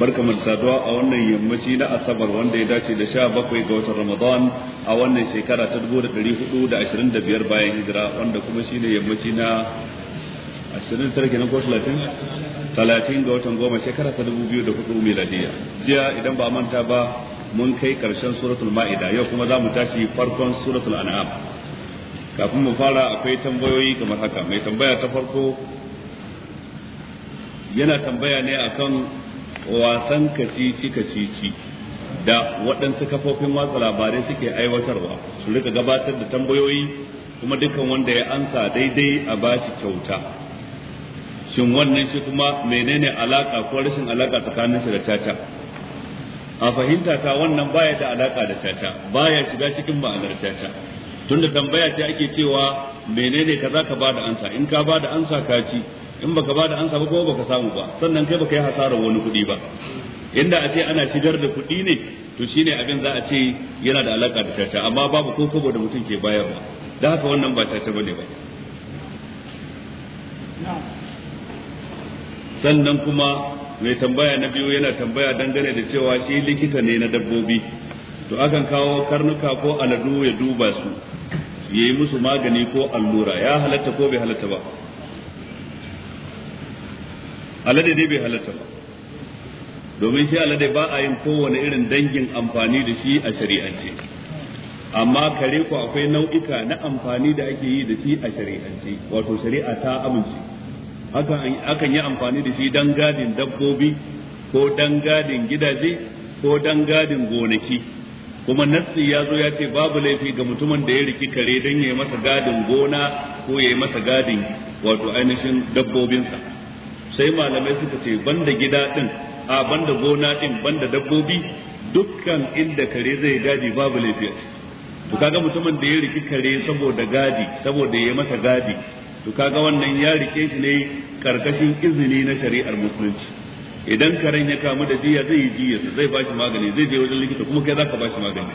barka mu saduwa a wannan yammaci na asabar wanda ya dace da sha bakwai ga watan ramadan a wannan shekara ta dubu da ɗari hudu da ashirin da biyar bayan hijira wanda kuma shine yammaci na ashirin tara kenan ko talatin talatin ga watan goma shekara ta dubu biyu da hudu miladiya jiya idan ba manta ba mun kai karshen suratul ma'ida yau kuma za mu tashi farkon suratul an'am kafin mu fara akwai tambayoyi kamar haka mai tambaya ta farko yana tambaya ne akan wasan kacici kacici da waɗansu kafofin watsa labarai suke aiwatarwa su rika gabatar da tambayoyi kuma dukkan wanda ya ansa daidai a bashi kyauta shin wannan shi kuma menene alaka ko rashin alaka tsakanin shi da caca a fahimta ta wannan baya da alaka da caca baya shiga cikin ma'anar caca tunda tambaya ce ake cewa menene kaza ka ba da ansa in ka ba da ansa ka ci in baka bada da ansa ba kuma baka samu ba sannan kai baka yi hasarar wani kuɗi ba inda a ce ana shigar da kuɗi ne to shine abin za a ce yana da alaka da caca amma babu ko kobo da mutum ke bayarwa da haka wannan ba caca bane ba sannan kuma mai tambaya na biyu yana tambaya dangane da cewa shi likita ne na dabbobi to akan kawo karnuka ko aladu ya duba su yayi musu magani ko allura ya halatta ko bai halatta ba alade dai bai halatta ba domin shi alade ba a yin kowane irin dangin amfani da shi a shari'ance amma kare ku akwai nau'ika na amfani da ake yi da shi a shari'ance wato shari'a ta amince akan yi amfani da shi dan gadin dabbobi ko dan gadin gidaje ko dan gadin gonaki kuma nassi ya zo ya ce babu laifi ga mutumin da ya riki kare don ya yi masa gadin gona ko ya yi masa gadin wato ainihin dabbobinsa sai malamai suka ce banda gida din a banda gona din banda dabbobi dukkan inda kare zai gadi babu lafiya to kaga mutumin da ya riki kare saboda gadi saboda ya masa gadi to kaga wannan ya rike shi ne karkashin izini na shari'ar musulunci idan karen ya kamu da jiya zai yi jiyarsa zai bashi magani zai je wajen likita kuma kai zaka bashi magani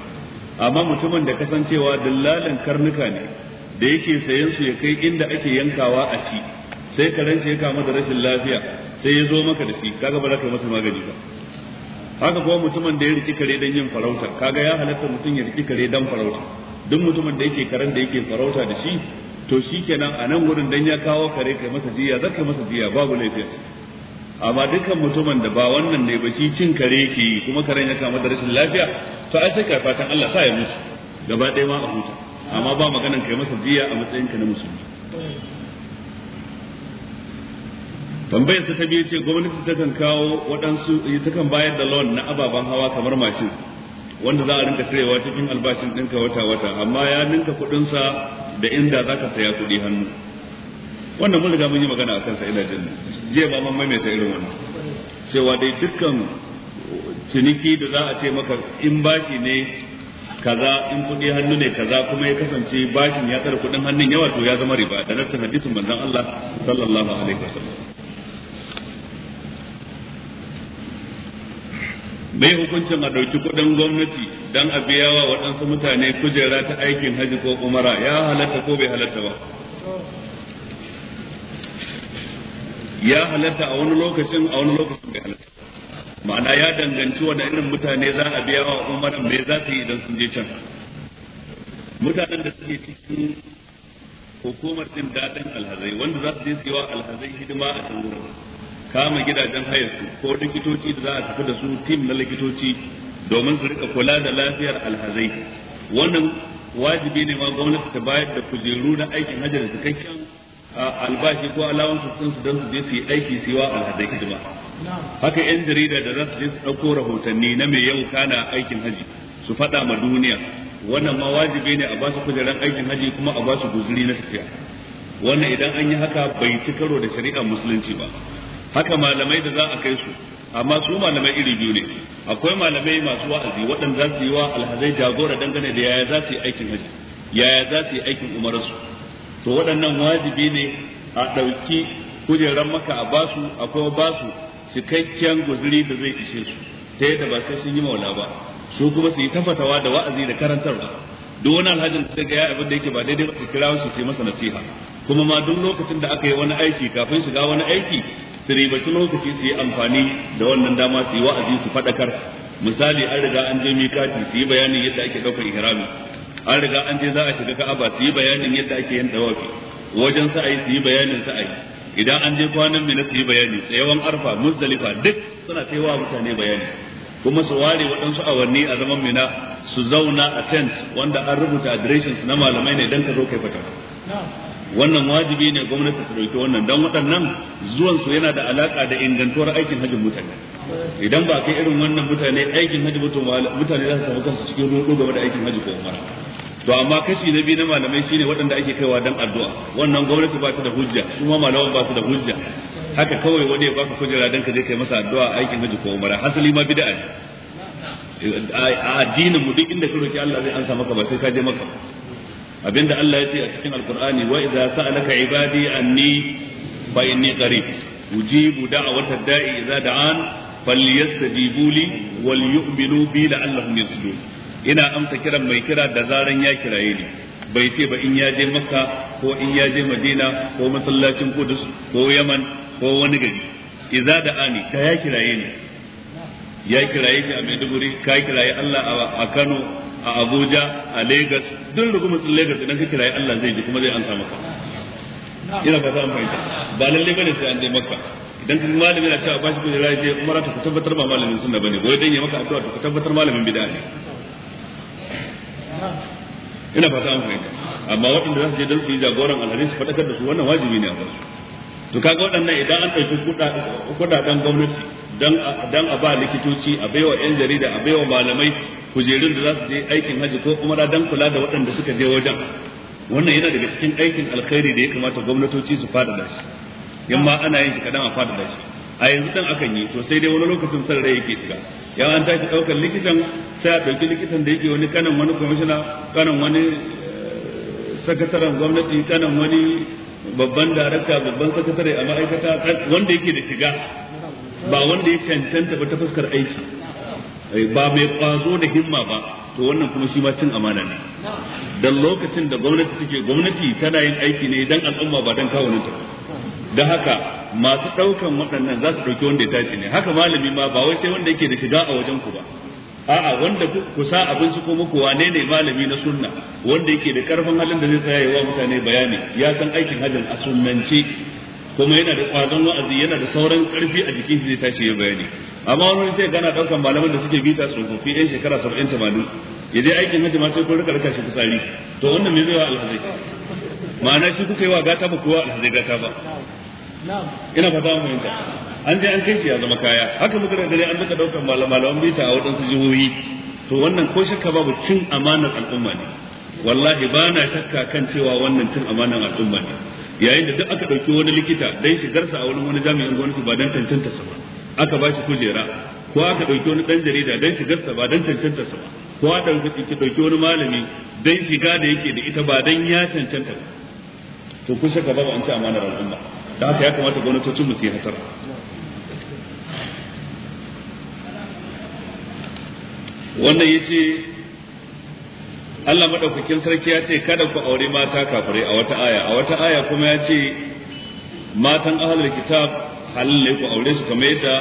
amma mutumin da kasancewa dillalin karnuka ne da yake sayan su ya kai inda ake yankawa a ci sai karen shi ya kama da rashin lafiya sai ya zo maka da shi kaga ba za ka masa magani ba haka kuma mutumin da ya riki kare dan yin farauta kaga ya halatta mutum ya riki kare dan farauta duk mutumin da yake karen da yake farauta da shi to shikenan a nan wurin dan ya kawo kare kai masa jiya zaka masa jiya babu lafiya amma dukkan mutumin da ba wannan ne ba shi cin kare yake yi kuma karen ya kama da rashin lafiya to ai sai ka fatan Allah sa ya mutu gaba ɗaya ma a huta amma ba maganan kai masa jiya a matsayinka na musulmi tambayar ta biyu ce gwamnati kan kawo waɗansu eh, kan bayar da loan na ababen hawa kamar mashin wanda za a rinka cirewa cikin albashin ɗinka wata-wata amma ya ninka kuɗinsa da inda za ka saya kuɗi hannu wannan mun riga mun yi magana a kansa ina jin jiya ba mun maimaita irin wannan cewa dai dukkan ciniki da za a ce maka in bashi ne kaza in kuɗi hannu ne kaza kuma ya kasance bashin ya tsara kuɗin hannun yawa to ya zama riba da nassin hadisin manzon Allah sallallahu alaihi wasallam mai hukuncin a ɗauki kuɗin gwamnati don a biya wa waɗansu mutane kujera ta aikin haji ko umara ya halatta ko bai halatta ba ya halatta a wani lokacin a wani lokacin bai halatta ma'ana ya danganci wani irin mutane za a biya wa umaran me za su yi idan sun je can mutanen da suke cikin hukumar jin daɗin alhazai wanda za su je su yi wa alhazai hidima a can wurin kama gidajen hayarsu ko likitoci da za a tafi da su tim na likitoci domin su rika kula da lafiyar alhazai wannan wajibi ne ma gwamnati ta bayar da kujeru na aikin hajji da cikakken albashi ko alawansu sun su don su je su yi aiki su alhazai hidima haka yan jarida da za su je su ɗauko rahotanni na mai yau kana aikin hajji su faɗa ma duniya wannan ma wajibi ne a ba su kujeran aikin hajji kuma a ba su guzuri na tafiya wannan idan an yi haka bai ci karo da shari'ar musulunci ba haka malamai da za a kai su amma su malamai iri biyu ne akwai malamai masu wa'azi waɗanda za su yi wa alhazai jagora dangane da yaya za su yi aikin haji yaya za su yi aikin umararsu to waɗannan wajibi ne a ɗauki kujerar maka a basu akwai basu cikakken guzuri da zai ishe su ta yadda ba sai sun yi maula ba su kuma su yi tafatawa da wa'azi da karantarwa duk wani alhajin da ga ya abin da yake ba daidai ba su kira su ce masa nasiha kuma ma duk lokacin da aka yi wani aiki kafin shiga wani aiki su ribaci lokaci su yi amfani da wannan dama su yi wa'azi su faɗakar misali an riga an je mikati su yi bayanin yadda ake ɗaukar ihrami an riga an je za a shiga ka'aba su yi bayanin yadda ake yin dawafi wajen sa'ayi su yi bayanin sa'ayi idan an je kwanan mina su yi bayani tsayawan arfa musdalifa duk suna tsayawa mutane bayani kuma su ware waɗansu awanni a zaman mina su zauna a tent wanda an rubuta adireshin su na malamai ne don ka zo kai fata wannan wajibi ne gwamnati ta dauki wannan dan waɗannan zuwan su yana da alaka da ingantuwar aikin hajjin mutane idan ba kai irin wannan mutane aikin hajji mutane za su samu kansu cikin ruɗu game da aikin hajji ko umara to amma kashi na biyu na malamai shine waɗanda ake kaiwa dan addu'a wannan gwamnati ba ta da hujja su ma malaman ba su da hujja haka kawai wani ya baka kujera dan ka je kai masa addu'a aikin hajji ko umara hasali ma bid'a ne a addinin mu duk inda ka roki Allah zai ansa maka ba sai ka je maka da Allah ya ce a cikin alkur'ani wa idza sa'alaka ibadi anni fa inni qarib ujibu da'watad da'i idza da'an falyastajibu li wal yu'minu bi la'allahum yasjudun ina amsa kiran mai kira da zarar ya kiraye ni bai ce ba in ya je makka ko in ya je madina ko masallacin kudus ko yaman ko wani gari da ani ka ya kiraye ni ya kiraye shi a maiduguri ka kiraye Allah a Kano a Abuja a Lagos duk da kuma sun Lagos idan ka kirayi Allah zai ji kuma zai amsa maka ina ba ta amfani ba lalle bane sai an je maka idan kan malami na cewa bashi kujera ya je umara ta tabbatar ba malamin sunna bane wai dan ya maka addu'a ta tabbatar malamin bid'a ne ina ba ta amfani amma waɗanda za su je don su yi jagoran alhari su faɗakar da su wannan wajibi ne a basu to kaga waɗannan idan an ɗauki kuɗaɗen gwamnati dan a ba likitoci a baiwa yan jarida a baiwa malamai kujerun da za su je aikin haji ko umara dan kula da waɗanda suka je wajen wannan yana daga cikin aikin alkhairi da ya kamata gwamnatoci su da shi yamma ana yin shi kadan a da shi a yanzu dan akan yi to sai dai wani lokacin san rai yake shiga yan an tashi daukar likitan sai a dauki likitan da yake wani kanan wani commissioner kanan wani eh, sakataren gwamnati kanan wani babban darakta babban sakatare a ma'aikata wanda yake da shiga ba wanda ya cancanta ba ta fuskar aiki eh, ba mai kwazo da himma ba to wannan kuma shi ma cin amana ne dan lokacin da gwamnati take gwamnati tana yin aiki ne dan al'umma ba dan kawunanta da haka masu ɗaukan waɗannan za su dauki wanda ya tashi ne haka malami ma ba wai sai wanda yake da shiga a wajen ku ba a'a wanda ku sa abinci ko muku wane ne malami na sunna wanda yake da karfin halin da zai tsaya wa mutane bayani ya san aikin hajjin a sunnance kuma yana da kwazon wa'azi yana da sauran karfi a jikin shi zai tashi ya bayani amma wani sai gana daukan malaman da suke bita tsofaffi yan shekara 70 80 ya dai aikin hajji ma sai kun rika rika shi fitsari to wannan me zai wa alhazai ma'ana shi kuka yi wa gata ba kuwa alhazai gata ba ina fata mu fahimta an je an kai shi ya zama kaya haka muka da dare an rika daukan malaman bita a wadansu jihohi to wannan ko shakka babu cin amanar al'umma ne wallahi ba na shakka kan cewa wannan cin amanar al'umma ne yayin da duk aka ɗauki wani likita dan shigarsa a wani wani jami'in gwamnati ba dan cancanta sa ba aka ba shi kujera ko aka ɗauki wani ɗan jarida dan shigarsa ba dan cancanta sa ba ko aka ɗauki wani malami dan shiga da yake da ita ba dan ya cancanta ba to kun shaka ba an ci amanar al'umma da haka ya kamata gwamnatocin mu su yi hatar. wannan yace Allah madaukakin sarki ya ce kada ku aure mata kafirai a wata aya a wata aya kuma ya ce matan ahlul kitab halal ne ku aure su kamar yadda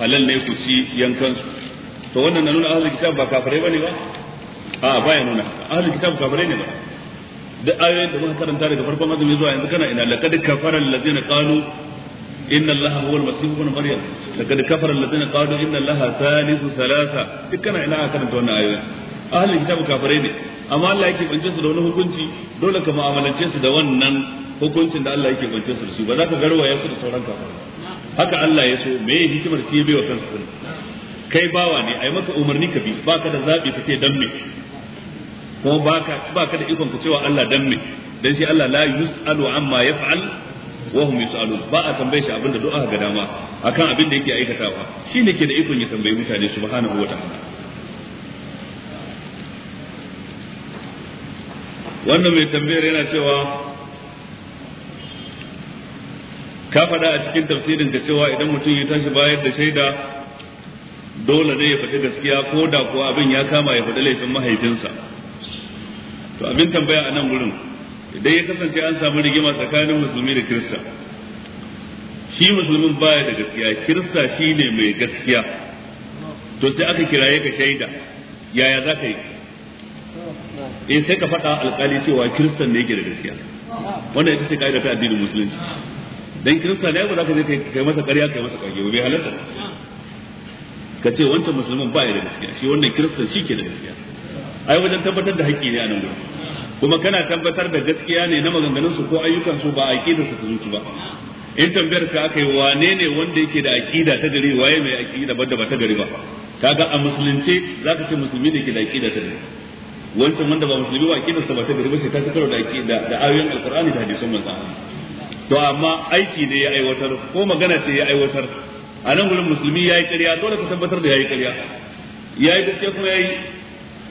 halal ne ku ci yankan su to wannan na nuna ahlul kitab ba kafirai bane ba a ba ya nuna ahlul kitab kafirai ne ba duk ayoyin da muka karanta daga farkon azumi zuwa yanzu kana ina laqad kafara allazina qalu inna allaha huwa almasih ibn maryam laqad kafara allazina qalu inna allaha thalithu thalatha duk kana ina karanta wannan ayoyin ahlul kitab kafirai ne amma Allah yake bance su da wani hukunci dole ka mu'amalance su da wannan hukuncin da Allah yake bance su da su. ba za ka garwaya su da sauran kafirai haka Allah ya so me yake hikimar shi ya bai wa kansu sun kai bawa ne ai maka umarni ka bi baka da zabi kace dan me kuma baka baka da ikon ka cewa Allah dan me dan shi Allah la yusalu amma yaf'al wa hum yusalu ba a tambaye shi abinda du'a ga dama akan abin da yake aikatawa shi ne ke da ikon ya tambayi mutane subhanahu wa ta'ala wannan mai tambayar yana cewa ka faɗa a cikin tafsirin ka cewa idan mutum ya tashi bayar da shaida dole ne ya faɗi gaskiya ko da kuwa abin ya kama ya faɗi laifin mahaifinsa to abin tambaya a nan wurin idan ya kasance an samu rigima tsakanin musulmi da kirista shi musulmin baya da gaskiya kirista shi ne mai gaskiya to sai aka kiraye ka shaida yaya za ka yi eh sai ka faɗa alƙali cewa kiristan ne yake da gaskiya wannan ita ce kaida ta addinin musulunci dan kirista ne ba za ka je kai masa ƙarya kai masa ƙage bai halatta ka ce wancan musulmin ba ya da gaskiya shi wannan kiristan shi ke da gaskiya ai wajen tabbatar da haƙƙi ne a nan gurin kuma kana tabbatar da gaskiya ne na maganganun su ko ayyukan su ba aqidar su ta zuci ba in tambayar ka aka yi wane ne wanda yake da aqida ta gari waye mai aqida ba da ba ta gari ba kaga a musulunci zaka ce musulmi ne ke da aqida ta gari wancan wanda ba musulmi ba kina sa ba ta gari sai ta karo da ake da ayoyin alqur'ani da hadisan manzo to amma aiki ne ya aiwatar ko magana ce ya aiwatar a nan gurin musulmi ya yi ƙarya dole ka tabbatar da ya yi ƙarya ya yi gaskiya kuma ya yi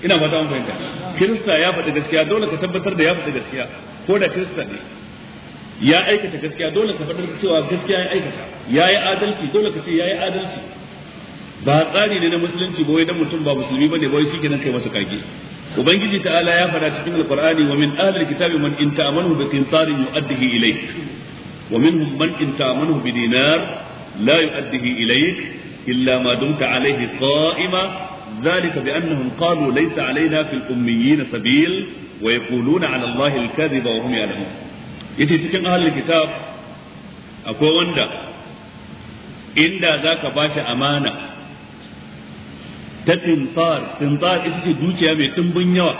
ina fata an fahimta kirista ya faɗi gaskiya dole ka tabbatar da ya faɗi gaskiya ko da kirista ne ya aikata gaskiya dole ka faɗar cewa gaskiya ya aikata ya yi adalci dole ka ce ya yi adalci ba tsari ne na musulunci ba wai dan mutum ba musulmi ba ne ba wai kenan kai masa kage ubangiji ta'ala ya fada cikin alqur'ani wa min ahli alkitabi man in ta'amanu bi qintarin yu'addihi ilayk wa minhum man in ta'amanu bi dinar la yu'addihi ilayk illa ma dumta alayhi qa'ima ذلك بأنهم قالوا ليس علينا في الأميين سبيل ويقولون على الله الكذب وهم يعلمون yace cikin ahlul kitab akwai wanda inda zaka bashi amana ta tintar tintar ita ce dukiya mai dimbin yawa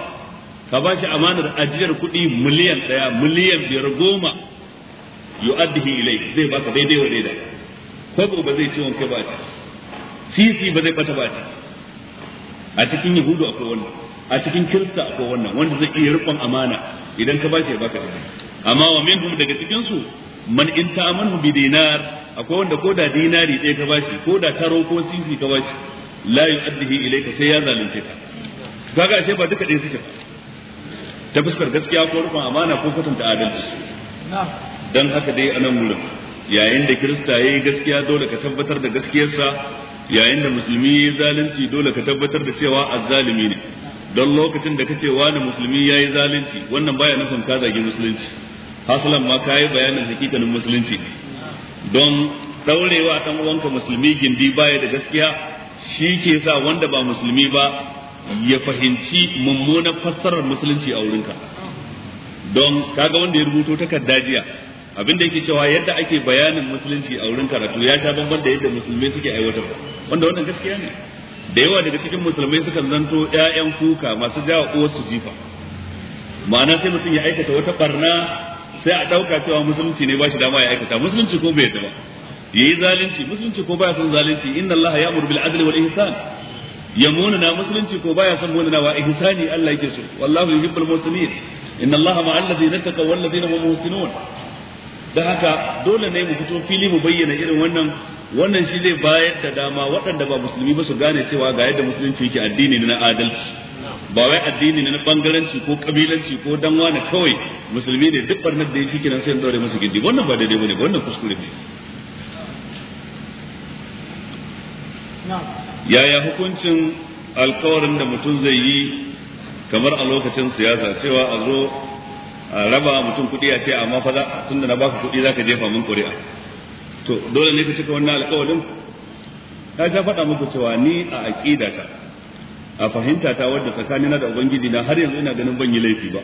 ka ba shi amanar ajiyar kuɗi miliyan ɗaya miliyan biyar goma yu'addihi ilai zai baka daidai wa daida kwabo ba zai ciwon ka ba ci sisi ba zai bata ba ci a cikin yahudu akwai wannan a cikin kirista akwai wannan wanda zai iya rikon amana idan ka bashi ya baka daidai amma wa minhum daga cikin su man in amanu bi dinar akwai wanda ko da dinari ɗaya ka bashi ko da taro ko sisi ka bashi la yu'addihi ilayka sai ya zalunce ka kaga ashe ba duka ɗaya suke ta fuskar gaskiya ko rufin amana ko kwatanta adalci dan haka dai anan wurin yayin da kirista yayi gaskiya dole ka tabbatar da gaskiyarsa yayin da musulmi yayi zalunci dole ka tabbatar da cewa azzalimi ne don lokacin da kace wani musulmi yayi zalunci wannan baya nufin ka zagi musulunci hasalan ma kayi bayanin hakikanin musulunci don daurewa dan uwanka musulmi gindi baya da gaskiya shi ke sa wanda ba musulmi ba ya fahimci mummunan fassarar musulunci a wurinka don kaga wanda ya rubuto takarda jiya abinda yake cewa yadda ake bayanin musulunci a wurin karatu ya sha bamban da yadda musulmai suke aiwatar wanda wannan gaskiya ne da yawa daga cikin musulmai sukan zanto ƴaƴan kuka masu jawa su jifa ma'ana sai mutum ya aikata wata barna sai a ɗauka cewa musulunci ne ba shi dama ya aikata musulunci ko bai yadda ba yayi zalunci musulunci ko baya son zalunci inna allaha ya'muru bil adli wal ihsan ya munana musulunci ko baya son munana wa ihsani Allah yake so wallahu yuhibbul muslimin inna allaha ma'al ladina taqaw wal ladina hum muhsinun dan haka dole ne mu fito fili mu bayyana irin wannan wannan shi zai bayar da dama waɗanda ba musulmi ba su gane cewa ga yadda musulunci yake addini na adalci ba wai addini na bangaranci ko kabilanci ko dan wani kawai musulmi ne duk barnar da ya shi kenan sai dore musu gindi wannan ba daidai bane wannan kuskure ne yaya hukuncin alkawarin da mutum zai yi kamar a lokacin siyasa cewa a zo a raba mutum kuɗi a ce amma fa tun da na baka kuɗi zaka jefa min ƙuri'a to dole ne ka cika wannan alkawarin ta sha faɗa muku cewa ni a aƙidata a fahimtata wadda tsakanina da ubangiji na har yanzu ina ganin ban yi laifi ba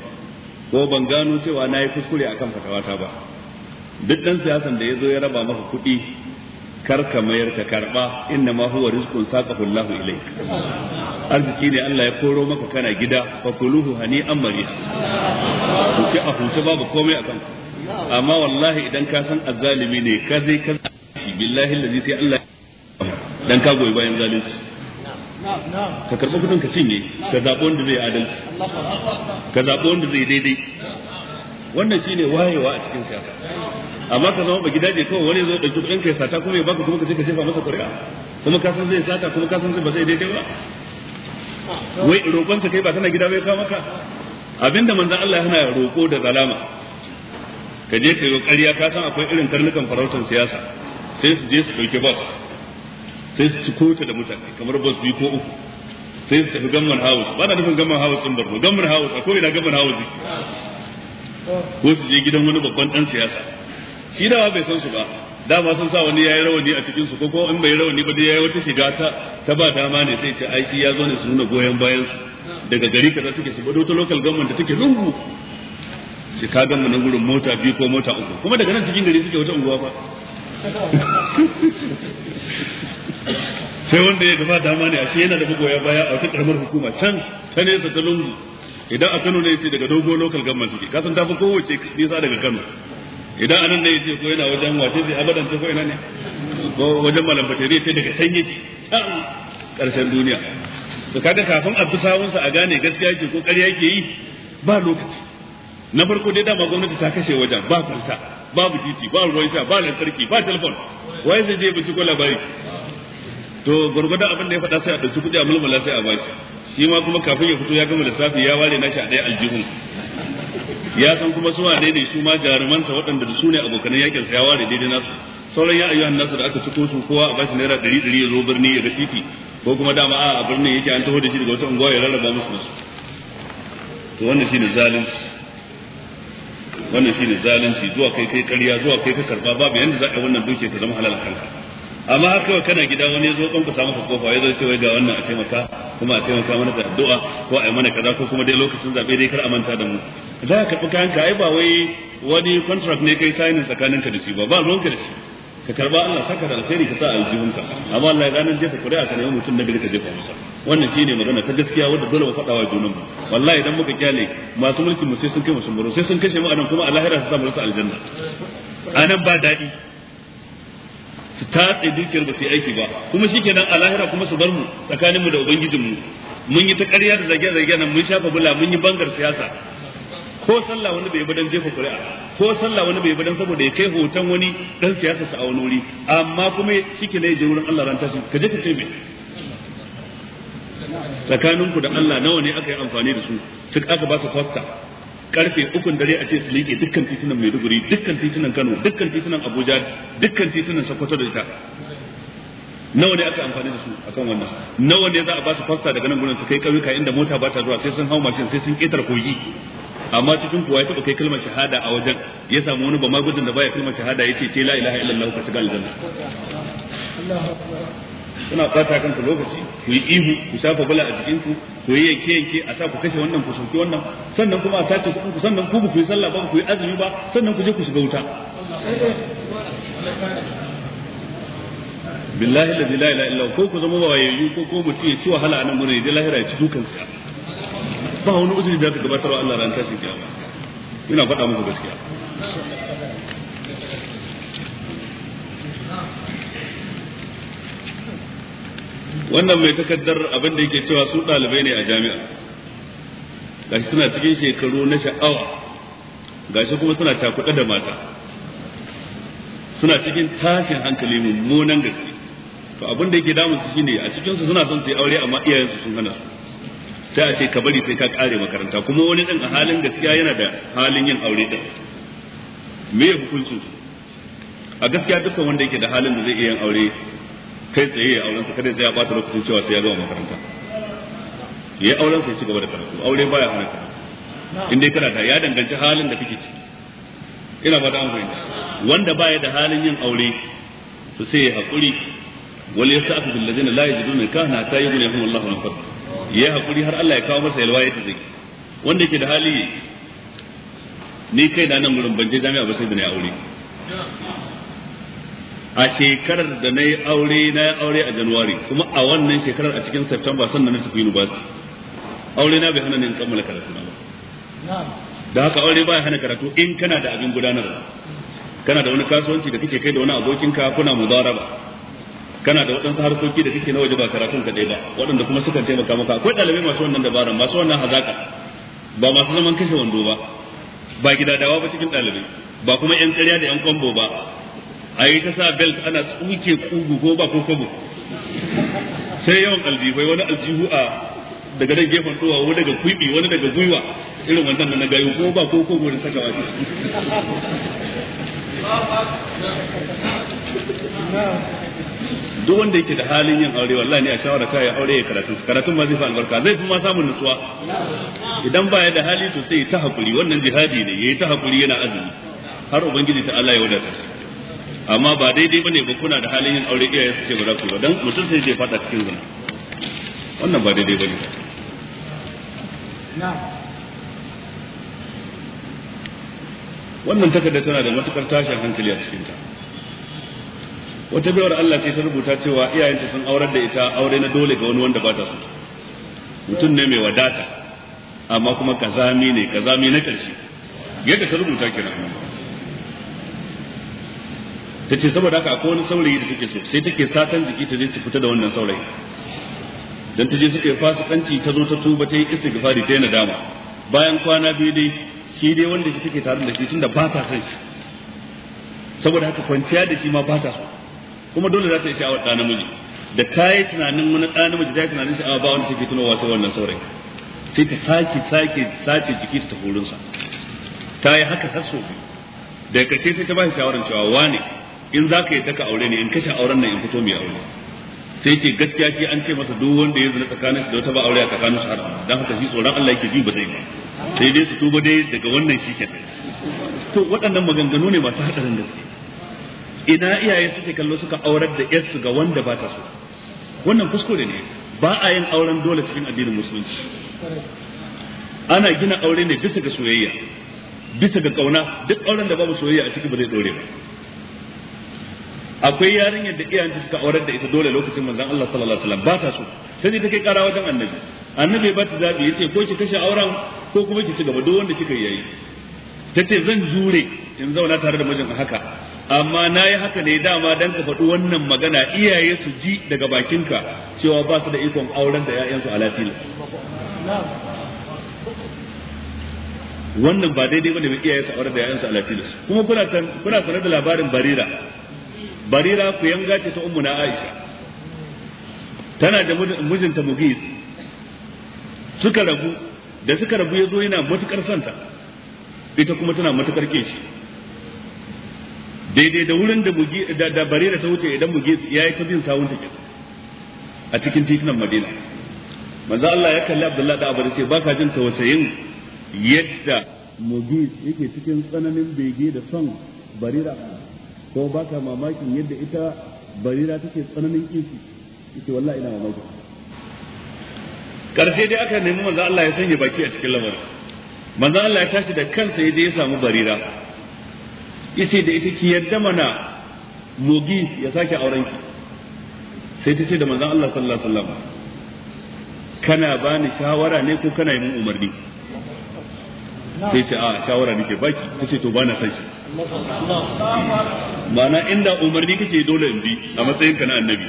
ko ban gano cewa na yi kuskure akan fatawata ba duk ɗan siyasan da ya zo ya raba maka kuɗi kar ka mayar ka karba inna ma huwa rizqun saqahu Allahu ilayk arziki ne Allah ya koro maka kana gida fa kuluhu hani an mariya ku ci a huce babu komai a kanku amma wallahi idan ka san azzalimi ne ka zai ka shi billahi allazi sai Allah dan ka goyi bayan zalunci ka karɓi kudin ka cinye ka zaɓi wanda zai adalci ka zaɓi wanda zai daidai wannan shine wayewa a cikin siyasa amma ka zama ba je kawai wani zo ɗauki kuɗin kai sata kuma ya baka kuma ka ce ka jefa masa ƙuri'a kuma ka san zai sata kuma ka san zai ba zai daidai ba wai roƙon sa kai ba kana gida bai kawo maka abinda manzo Allah yana roƙo da zalama ka je kai ƙarya ka san akwai irin karnukan farautar siyasa sai su je su ɗauki bus sai su kota da mutane kamar bus biyu ko uku sai su tafi gamman house ba na nufin gamman house ɗin barno gamman house akwai ina gamman house ko su je gidan wani babban ɗan siyasa shi da bai san su ba dama sun sa wani yayi rawani a cikin su ko ko in bai rawani ba dai yayi wata shiga ta ta ba dama ne sai ce ai shi ya zo ne su nuna goyen bayan su daga gari kaza suke su bado ta local government da take lungu sai ka gama nan gurin mota biyu ko mota uku kuma daga nan cikin gari suke wata unguwa fa sai wanda ya gaba dama ne shi yana da goyen baya a wata karamar hukuma can ta nesa ta lungu idan a Kano ne sai daga dogo local government suke kasan tafi kowace nisa daga Kano idan anan ne yace ko yana wajen wace ce abadan ce ko ina ne ko wajen malam batare ce daga can yake karshen duniya to kaga kafin abu sa a gane gaskiya yake ko ƙarya yake yi ba lokaci na farko dai dama gwamnati ta kashe wajen ba kwalta babu titi ba ruwan sha ba lantarki ba telefon wai zai je bici ko labari to gurgurda abin da ya faɗa sai a ɗauki kuɗi a mulmula sai a bashi shi ma kuma kafin ya fito ya gama lissafi ya ware nashi a ɗaya aljihun ya san kuma su wane ne su ma jarumansa waɗanda da su ne abokan yakin sa ya ware daidai nasu sauran ya ayyuhan nasu da aka ciko su kowa a bashi naira ɗari ɗari ya zo birni ya ga titi ko kuma dama a birnin yake an taho da shi daga wata unguwa ya rarraba musu nasu to wannan shine zalunci wannan shine zalunci zuwa kai kai ƙarya zuwa kai ka karba babu yanda za a yi wannan duke ta zama halal kanka amma haka kana gida wani ya zo kan ka samu kofa ya zo ce wai ga wannan a taimaka kuma a taimaka mana da addu'a ko a yi mana kaza ko kuma dai lokacin zabe dai kar a manta da mu za ka karɓi kayan ka ai ba wai wani contract ne kai signing tsakanin ka da shi ba ba ruwan ka da shi ka karba Allah saka da alheri ka sa aljihunka amma Allah ya ranar jefa kuri'a ka nemi mutum na gari ka jefa masa wannan shine magana ta gaskiya wanda dole mu faɗa wa junan mu wallahi idan muka kyale masu mulkin mu sai sun kai mu sun sai sun kashe mu anan kuma a lahira su sa mu rasa aljanna anan ba daɗi su tatse dukiyar ba su yi aiki ba kuma shi kenan a lahira kuma su bar mu tsakanin mu da ubangijinmu mun yi ta ƙarya da zage-zage nan mun shafa bula mun yi bangar siyasa ko sallah wani bai badan jefa kuri'a ko sallah wani bai badan saboda ya kai hoton wani dan siyasa sa a wani wuri amma kuma shi ke ne je Allah ran tashi ka je ka ce me tsakaninku da Allah nawa ne aka yi amfani da su su aka ba su fasta karfe ukun dare a ce su liƙe dukkan titunan Maiduguri dukkan titunan Kano dukkan titunan Abuja dukkan titunan Sokoto da ita nawa ne aka amfani da su akan wannan nawa ne za a ba su fasta daga nan gurin su kai kauyuka inda mota ba ta zuwa sai sun hau mashin sai sun ketar kogi amma cikin kuwa ya taba kai kalmar shahada a wajen ya samu wani ba magujin da baya kalmar shahada ya ce la ilaha illallah ka shiga aljanna kuna kan kanku lokaci ku yi ihu ku shafa bala a jikin ku ku yi yanke yanke a sa ku kashe wannan ku sauki wannan sannan kuma a sace kuɗin ku sannan ku ku yi sallah ba ku yi azumi ba sannan ku je ku shiga wuta billahi la ilaha illa ko ku zama wayayyu ko ko mutum ya ci wahala anan nan gurin ya je lahira ya ci dukan sa ba wani uzuri da ka gabatarwa Allah ran tashin kiyama ina faɗa muku gaskiya wannan mai takaddar abin da yake cewa su ɗalibai ne a jami'a gashi suna cikin shekaru na sha'awa gashi kuma suna cakuɗa da mata suna cikin tashin hankali mummunan gaske to abin da yake damun su shine a cikin su suna son su yi aure amma iyayen su sun hana su sai a ce ka bari sai ka kare makaranta kuma wani din a halin gaskiya yana da halin yin aure din me hukuncin su a gaskiya dukkan wanda yake da halin da zai iya yin aure kai tsaye ya auren sa kada zai bata lokacin cewa sai ya gama makaranta ya auren sa ya ci gaba da karatu aure baya hana karatu in dai kana da ya danganci halin da kake ciki ina fata an fahimta wanda baya da halin yin aure to sai ya hakuri wal bil ladina la yajiduna nikahan hatta yahum Allah min fadl ya hakuri har Allah ya kawo masa yalwa ya tazaki wanda yake da hali ni kai da nan gurin ban jami'a ba sai da na aure a shekarar da na yi aure na yi aure a januwari kuma a wannan shekarar a cikin september sannan na tafi university aure na bai hana ni kammala karatu na ba da haka aure ba ya hana karatu in kana da abin gudanarwa kana da wani kasuwanci da kake kai da wani abokinka kuna mudaraba kana da waɗansu harkoki da kake na waje ba karatun ka dai ba waɗanda kuma sukan taimaka maka akwai ɗalibai masu wannan dabaran masu wannan hazaka ba masu zaman kashe wando ba ba gidadawa ba cikin ɗalibai ba kuma 'yan ƙarya da 'yan kwambo ba a yi ta sa belt ana tsuke kugu ko ba ko kobo sai yawan aljihu wani aljihu a daga nan gefen tsowa wani daga kwibi wani daga gwiwa irin wannan na gayu ko ba ko kobo da saka wasu duk wanda yake da halin yin aure wallahi ne a shawara ta ya aure ya karatu karatun ma zai fa albarka zai ma samun nutsuwa idan ba ya da hali to sai ta hakuri wannan jihadi ne yayi ta hakuri yana azumi har ubangiji ta Allah ya wadata shi amma ba daidai bane ba kuna da halin yin aure iyaye su ce ba za ku ba dan mutum sai ya fada cikin zina wannan ba daidai bane wannan takarda tana da matukar tashin hankali a cikinta wata biyar Allah ce ta rubuta cewa iyayenta sun aurar da ita aure na dole ga wani wanda ba ta so mutum ne mai wadata amma kuma kazami ne kazami na ƙarshe yadda ta rubuta kenan tace saboda haka akwai wani saurayi da take so sai take satan jiki ta je ta fita da wannan saurayi dan ta je suka yi fasikanci ta zo ta tuba ta yi istighfari ta yi nadama bayan kwana biyu dai shi dai wanda shi take tare da shi tunda ba ta san shi saboda haka kwanciya da shi ma ba ta so kuma dole za ta yi sha'awar ɗa namiji da ta yi tunanin wani ɗa namiji ta yi tunanin shi amma ba wanda take tunawa sai wannan saurayi sai ta sake sake sace jiki ta tafi wurinsa ta yi haka har sau biyu daga ƙarshe sai ta ba shi shawarar cewa wane in za ka yi taka aure ne in kashe auren nan in fito mai aure sai ce gaskiya shi an ce masa duk wanda ya zina tsakanin da wata ba aure a tsakanin su haram don haka shi tsoron Allah yake ji ba zai ba sai dai su tuba dai daga wannan shi kenan to waɗannan maganganu ne masu hadarin gaske ina iyaye suke kallo suka aurar da yar su ga wanda ba ta so wannan kuskure ne ba a yin auren dole cikin addinin musulunci ana gina aure ne bisa ga soyayya bisa ga kauna duk auren da babu soyayya a ciki ba zai dore ba akwai yarinyar da iyayenta suka aurar da ita dole lokacin manzon Allah sallallahu alaihi wasallam ba ta so sai dai take kara wajen annabi annabi ba ta zabi yace ko ki kashe auren ko kuma ki ci gaba duk wanda kika yayi tace zan jure in zauna tare da mijin haka amma na yi haka ne dama dan ka faɗi wannan magana iyaye su ji daga bakinka cewa ba su da ikon auren da 'ya'yansu a lafiya wannan ba daidai bane mai iyaye su auren da 'ya'yansu a lafiya kuma kuna sanar da labarin barira barira ku yanga ce ta ummuna aisha tana da mijinta mugiz suka rabu da suka rabu ya zo yana matukar santa ita kuma tana matukar kin shi daidai da wurin da mugi da, barira ta wuce idan mugi yayi ta bin sawun take a cikin titunan madina manzo Allah ya kalli Abdullahi da Abu ce baka jin tausayin yadda mugi yake cikin tsananin bege da son barira ko ka mamakin yadda ita barira take tsananin kishi ita wallahi ina mamaki karshe dai aka nemi manzo Allah ya sanya baki a cikin lamarin manzo Allah ya tashi da kansa yaje ya samu barira yace da ita ki yadda mana mogi ya sake auren ki sai ta ce da manzo Allah sallallahu alaihi wasallam kana bani shawara ne ko kana yi min umarni sai ce a shawara nake baki ta ce to bana na shi ma'ana inda umarni kake dole in bi a matsayin ka na annabi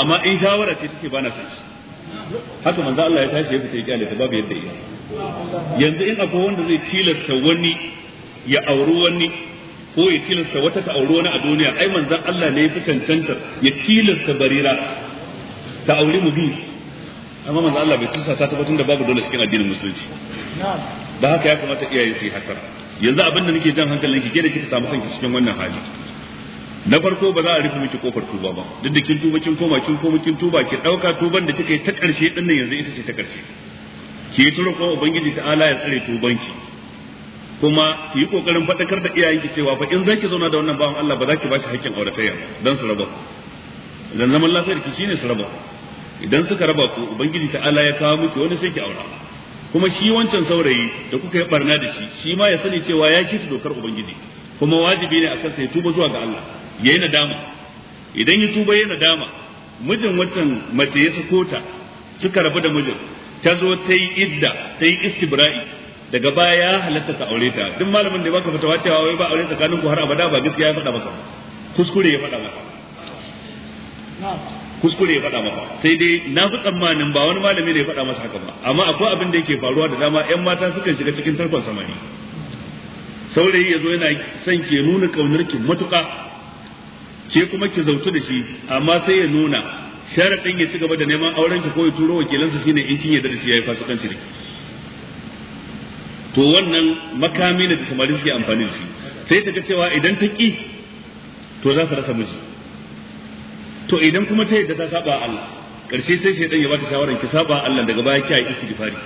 amma in shawara ce take bana san shi haka manzo Allah ya tashi ya fita ya kyale ta babu yadda yake yanzu in akwai wanda zai tilasta wani ya auri wani ko ya tilasta wata ta auri wani a duniya ai manzo Allah ne ya fi cancantar ya tilasta barira ta auri mu biyu amma manzo Allah bai tilasta ta tabbatun da babu dole cikin addinin musulunci da haka ya kamata iyaye su yi hatar yanzu abin da nake jan hankali ki ke da kika samu kanki cikin wannan hali na farko ba za a rufe miki kofar tuba ba duk da kin tuba kin koma kin koma kin tuba ki dauka tuban da kika yi ta karshe din nan yanzu ita ce ta karshe ki yi turo ko ubangiji ta ala ya tsare ki kuma ki yi kokarin fadakar da iyayenki cewa fa in zaki zauna da wannan bawan Allah ba za ki bashi haƙƙin auratayya dan su raba dan zaman lafiyar ki shine su raba idan suka raba ku ubangiji ta ala ya kawo miki wani sai ki aura kuma shi wancan saurayi da kuka yi barna da shi shi ma ya sani cewa ya kici dokar ubangiji kuma wajibi ne akan sai tuba zuwa ga Allah yayi nadama idan ya tuba yayi nadama mijin wancan mace ya sako ta suka rabu da mijin ta zo ta yi idda ta yi istibra'i daga baya ya halatta ta aure ta duk malamin da baka fatawa cewa wai ba aure tsakanin ku har abada ba gaskiya ya faɗa maka kuskure ya faɗa maka kuskure ya faɗa maka sai dai na fi tsammanin ba wani malami ne ya faɗa masa haka ba amma akwai abin da yake faruwa da dama yan mata sukan shiga cikin tarkon samani saurayi ya zo yana son ke nuna kaunar ki matuƙa ke kuma ki zautu da shi amma sai ya nuna sharadin ya ci gaba da neman auren ki ko ya turo wakilansa shine in kin yarda da shi yayi fasikanci da to wannan makami ne da samari suke amfani da shi sai ta ga cewa idan ta ki to za ta rasa miji to idan kuma ta yadda ta saba Allah karshe sai shaidan ya bata shawaran ki saba Allah daga baya kiyaye istighfari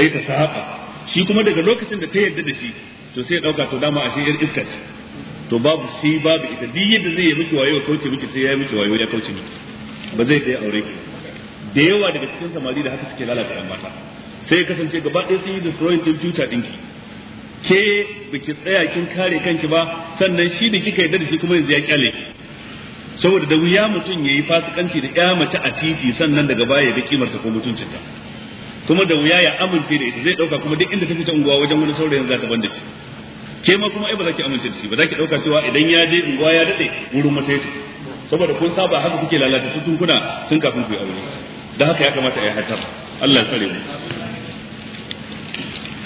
sai ta saba shi kuma daga lokacin da ta yadda da shi to sai ya dauka to dama ashe yar iska ce to babu shi babu ita duk yadda zai yi miki wayo kauce miki sai ya yi miki wayo ya kauce miki ba zai sai aure ki da yawa daga cikin samari da haka suke lalata yan mata sai kasance gaba ɗaya sun yi destroying the future ɗinki ke biki tsaya kin kare kanki ba sannan shi da kika yarda da shi kuma yanzu ya kyale ki saboda da wuya mutum yayi fasikanci da ya mace a titi sannan daga baya da kimar ta ko mutuncin ta kuma da wuya ya amince da ita zai dauka kuma duk inda ta fita unguwa wajen wani saurayin za ta banda shi ke ma kuma ai ba za ki amince da shi ba za ki dauka cewa idan ya je unguwa ya dade wurin matsayi saboda kun saba haka kuke lalata tun kuna tun kafin ku yi aure da haka ya kamata a yi hatar Allah ya tsare mu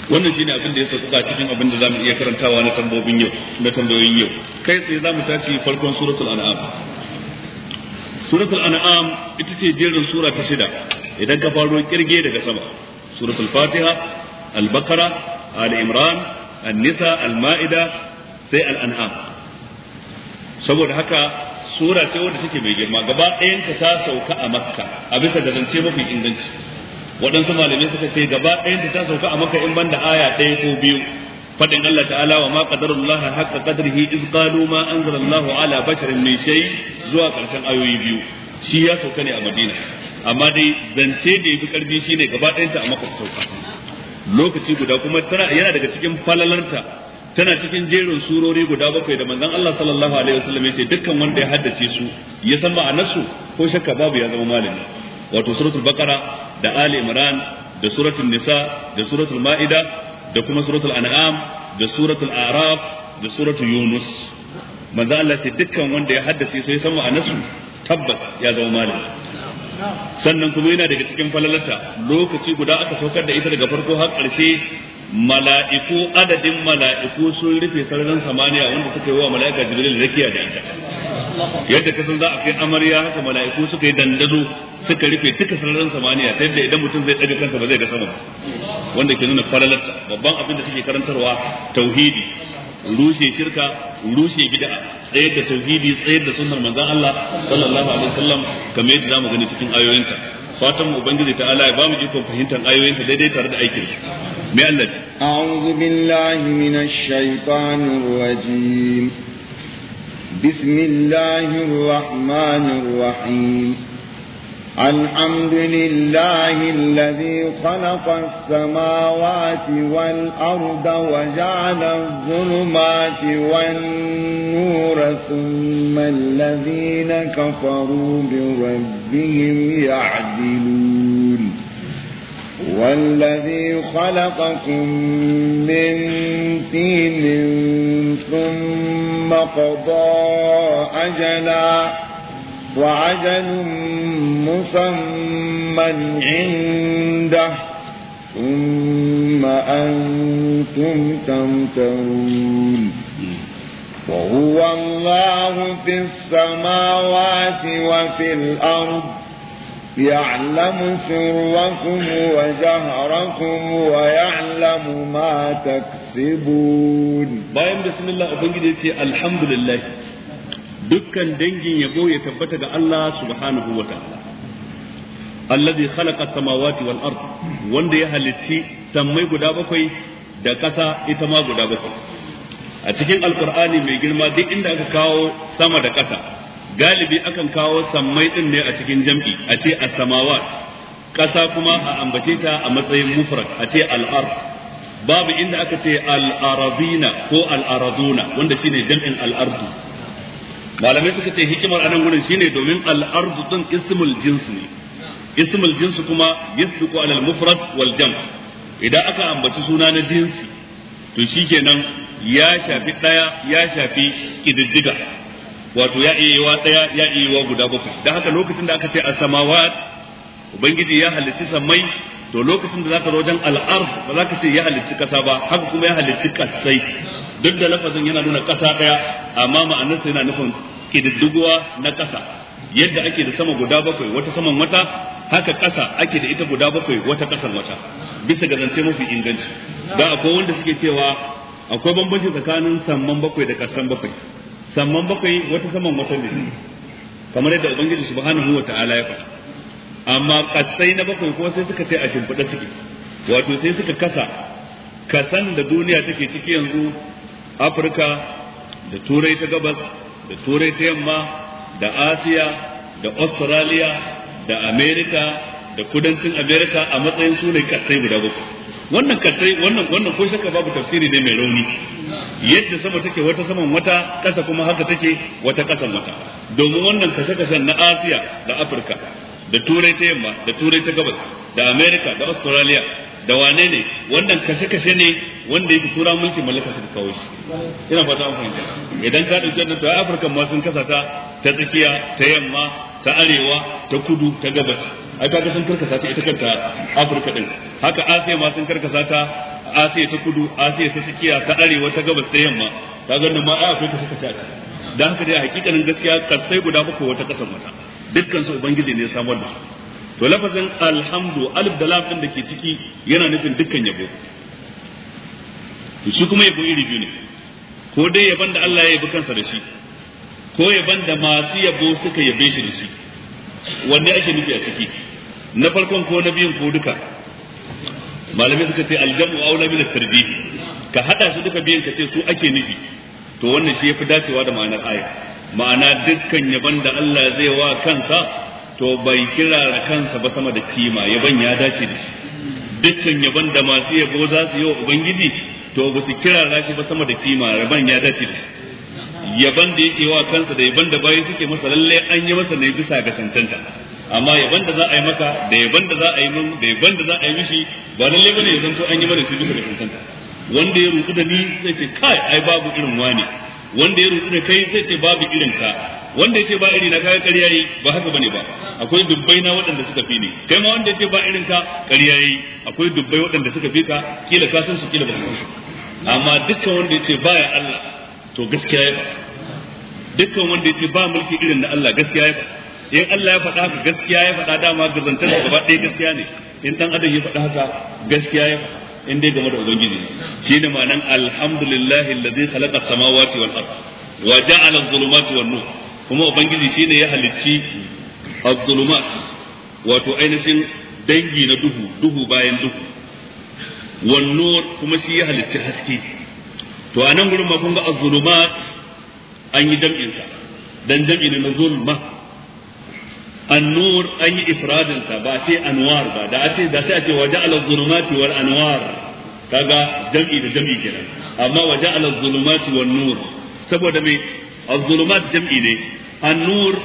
wannan shine abin da ya sauka cikin abin da zamu iya karantawa na tambobin yau na tambayoyin yau kai tsaye zamu tashi farkon suratul an'am suratul an'am ita ce jerin sura ta shida idan ka faro kirge daga sama suratul fatiha al-baqara al-imran Annisa, nisa sai al-an'am saboda haka sura ce wadda take mai girma gaba ta sauka a makka a bisa da zance mafi inganci waɗansu malamai suka ce gaba ɗayanta ta sauka a makka in banda aya ɗaya ko biyu faɗin Allah ta'ala wa ma qadarullaha haqqa qadrihi iz qalu ma anzalallahu ala basharin min shay zuwa ƙarshen ayoyi biyu shi ya sauka ne a Madina amma dai zance da yafi karfi shine gaba ɗayanta a makka sauka lokaci guda kuma tana yana daga cikin falalarta tana cikin jerin surori guda bakwai da manzon Allah sallallahu alaihi wasallam yace dukkan wanda ya haddace su ya san anasu ko shakka babu ya zama malami wato suratul baqara da ali imran da suratul nisa da suratul maida da kuma suratul an'am da suratul araf da suratul yunus manzon Allah sai dukkan wanda ya haddace su ya san anasu tabbas ya zama malami sannan kuma yana daga cikin falalata lokaci guda aka saukar da ita daga farko har ƙarshe mala'iku adadin mala'iku sun rufe sararin samaniya wanda suka yi wa mala'ika jibril rakiya da ita yadda kasan za a kai amarya haka mala'iku suka yi dandazo suka rufe duka sararin samaniya ta yadda idan mutum zai ɗaga kansa ba zai ga sama wanda ke nuna falalata babban abin da take karantarwa tauhidi rushe shirka rushe bid'a tsayar da tauhidi tsayar da sunnar manzon Allah sallallahu alaihi wasallam kamar yadda zamu gani cikin ayoyinta fatan mu ubangiji Allah ya bamu jikon fahimtar ayoyinta daidai tare da aikin shi mai Allah ce a'udhu billahi minash shaitanir rajim bismillahir rahmanir rahim الحمد لله الذي خلق السماوات والأرض وجعل الظلمات والنور ثم الذين كفروا بربهم يعدلون والذي خلقكم من تين ثم قضى أجلاً وعجل مسمى عنده ثم أنتم تمترون وهو الله في السماوات وفي الأرض يعلم سركم وجهركم ويعلم ما تكسبون باين بسم الله أبنجد الحمد لله dukkan dangin yabo ya tabbata ga Allah subhanahu wa ta'ala allazi khalaqa samawati wal ard wanda ya halitti sammai guda bakwai da ƙasa ita ma guda bakwai a cikin alqur'ani mai girma duk inda aka kawo sama da ƙasa galibi akan kawo sammai din ne a cikin jam'i a ce as ƙasa kuma a ambace ta a matsayin mufrad a ce al-ard babu inda aka ce al'arazina ko al'arazuna wanda shine jam'in al'adu. malamai suka ce hikimar anan gurin shine domin al-ardu din ismul jins ne ismul jins kuma yasbiqu ala al-mufrad wal jam idan aka ambaci suna na jinsi to shikenan ya shafi daya ya shafi kididdiga wato ya iya yiwa daya ya iya yiwa guda bakwai dan haka lokacin da aka ce as-samawat ubangiji ya halicci samai to lokacin da zaka zo wajen al-ard ba zaka ce ya halicci kasa ba haka kuma ya halicci kasai duk da lafazin yana nuna kasa daya amma ma'anarsa yana nufin kididdigowa na ƙasa yadda ake da sama guda bakwai wata saman wata haka ƙasa ake da ita guda bakwai wata ƙasan wata bisa ga zance mafi inganci da akwai wanda suke cewa akwai bambanci tsakanin saman bakwai da ƙasan bakwai saman bakwai wata saman wata ne kamar yadda ubangiji subhanahu wa ta'ala ya faɗa amma ƙasai na bakwai ko sai suka ce a shimfiɗa suke wato sai suka kasa kasan da duniya take ciki yanzu afirka da turai ta gabas da turai ta yamma da asiya da australia da america da kudancin america a matsayin su ne katsai guda bakwai wannan katsai wannan wannan ko shakka babu tafsiri ne mai rauni yadda sama take wata saman wata kasa kuma haka take wata kasan wata domin wannan kashe-kashen na asiya da afirka da turai ta yamma da turai ta gabas da america da australia da wane ne wannan kashe-kashe ne wanda yake tura mulki mallaka su kawo shi ina fata an fahimta idan ka dauki wannan to afirka ma sun kasata ta ta tsakiya ta yamma ta arewa ta kudu ta gabas ai kaga sun karkasa ta ita kanta afirka din haka asiya ma sun karkasa ta asiya ta kudu asiya ta tsakiya ta arewa ta gabas ta yamma kaga nan ma ai akwai kashe-kashe a dan haka dai hakikanin gaskiya kasai guda bako wata kasan wata dukkan su ubangiji ne ya samar da su to lafazin alhamdu alif da lam da ke ciki yana nufin dukkan yabo to shi kuma yabo iri biyu ne ko dai yabon da Allah ya yabi kansa da shi ko yabon da masu yabo suka yabe shi da shi wanne ake nufi a ciki na farkon ko na biyun ko duka malamai suka ce aljamu aula min at-tarjih ka hada su duka biyun ka ce su ake nufi to wannan shi yafi dacewa da ma'anar ayat ma'ana dukkan yaban da Allah zai wa kansa to bai kira da kansa ba sama da kima yaban ya dace da shi dukkan yaban da masu yabo za su yi wa ubangiji to ba su kira da shi ba sama da kima yaban ya dace da shi yaban da yake wa kansa da yaban da bayi suke masa lalle an yi masa ne bisa ga cancanta amma yaban da za a yi maka da yaban da za a yi min da yaban da za a yi mishi ba lalle bane ya zanto an yi mana shi bisa ga cancanta wanda ya rubuta ni zai ce kai ai babu irin wani wanda ya rutu da kai zai ce babu irin ka wanda ya ce ba na kai ƙarya yi ba haka bane ba akwai dubbai na waɗanda suka fi ni kai ma wanda ya ce ba irin ka ƙarya yi akwai dubbai waɗanda suka fi ka kila ka san su kila ba su amma dukkan wanda ya ce ba ya Allah to gaskiya ya ba dukkan wanda ya ce ba mulki irin na Allah gaskiya ya ba in Allah ya faɗa haka gaskiya ya faɗa dama gazantar gaba ɗaya gaskiya ne in dan adam ya faɗa haka gaskiya ya faɗa in dai game da ubangiji ne shine ma'anan alhamdulillahi allazi khalaqa samawati wal ard wa ja'ala adh-dhulumati wan nur kuma ubangiji shine ya halicci adh-dhulumat wato ainihin dangi na duhu duhu bayan duhu wan nur kuma shi ya halicci haske to anan gurin ma kun ga adh an yi jam'in sa dan jam'i ne na zulma annur an yi ifradinsa ba ce anwar ba da ce da sai a ce waje ala zulumati wal anwar kaga jam'i da jam'i kenan amma waje ala zulumati nur saboda mai az jam'i ne an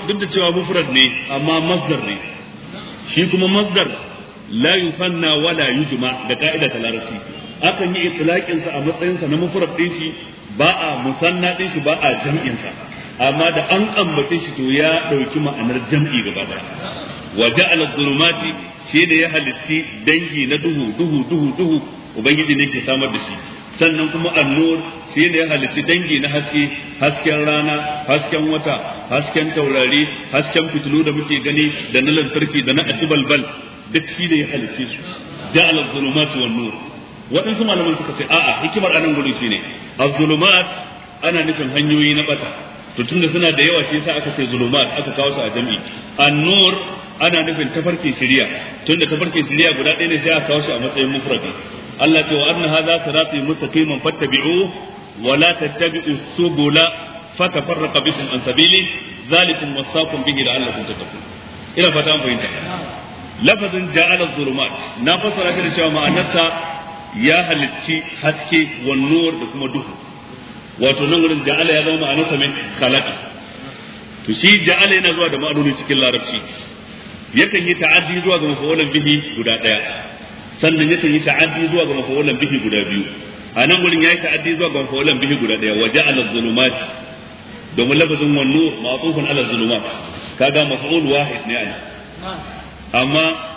duk da cewa mufrad ne amma masdar ne shi kuma masdar la na wala yujma da ka'ida ta larabci akan yi itlaqin a matsayin sa na mufrad din shi ba a musanna din ba a jam'in sa amma da an ambace shi to ya ɗauki ma'anar jam'i gaba daya wa adh dhulumati shi da ya halitti dangi na duhu duhu duhu duhu ubangiji ne ke samar da shi sannan kuma nur, shi ne ya halitti dangi na haske hasken rana hasken wata hasken taurari hasken fitilu da muke gani da na lantarki da na bal, duk shi da ya halitti su adh dhulumati wan nur waɗansu malaman suka ce a'a hikimar anan gudu shine az-zulumat ana nufin hanyoyi na bata to tunda suna da yawa shi yasa aka ce zulumat aka kawo su a jami'i an-nur ana nufin tafarkin shari'a tunda tafarkin shari'a guda ɗaya ne sai aka kawo shi a matsayin mufradi Allah ce wa anna hadha sirati mustaqiman fattabi'u wa la tattabi'u subula fatafarraqa bikum an sabili zalikum wasaqum bihi la'allakum tattaqun ina fata an fahimta lafazin ja'ala zulumat na fassara shi da cewa ma'anarsa ya halicci haske wa nur da kuma duhu wato nan wurin ja'ala ya zama ma'anarsa min khalaqa to shi ja'ala yana zuwa da ma'anoni cikin larabci yakan yi ta'addi zuwa ga mafa'ulan bihi guda daya sannan yakan yi ta'addi zuwa ga mafa'ulan bihi guda biyu a nan wurin yayi ta'addi zuwa ga mafa'ulan bihi guda daya wa ja'ala az-zulumat domin lafazin wan nur ma'tufun ala az-zulumat kaga mafa'ul wahid ne ana amma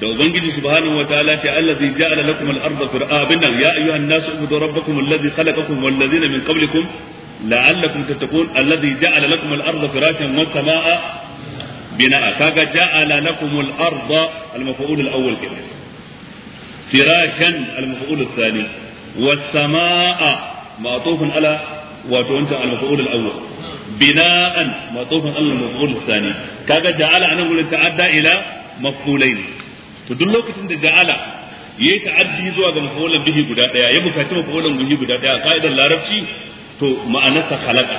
da ubangiji subhanahu wataala ce allazi ja'ala lakum al-ardha fir'abina ya an nasu ubudu rabbakum allazi khalaqakum wal ladzina min qablikum la'allakum tattaqun allazi ja'ala lakum al-ardha firashan wa samaa'a bina'a kaga ja'ala lakum al-ardha al-maf'ul al-awwal kenan firashan al-maf'ul al-thani wa samaa'a ma'tufun ala wa wancan al-maf'ul al-awwal bina'an ma'tufun ala al-maf'ul al-thani kaga ja'ala anan gurin ta'adda ila maf'ulain to duk lokacin da ja'ala yayi ta'addi zuwa ga mafulan bihi guda daya ya bukaci mafulan bihi guda daya ka'idar larabci to ma'anarsa khalaqa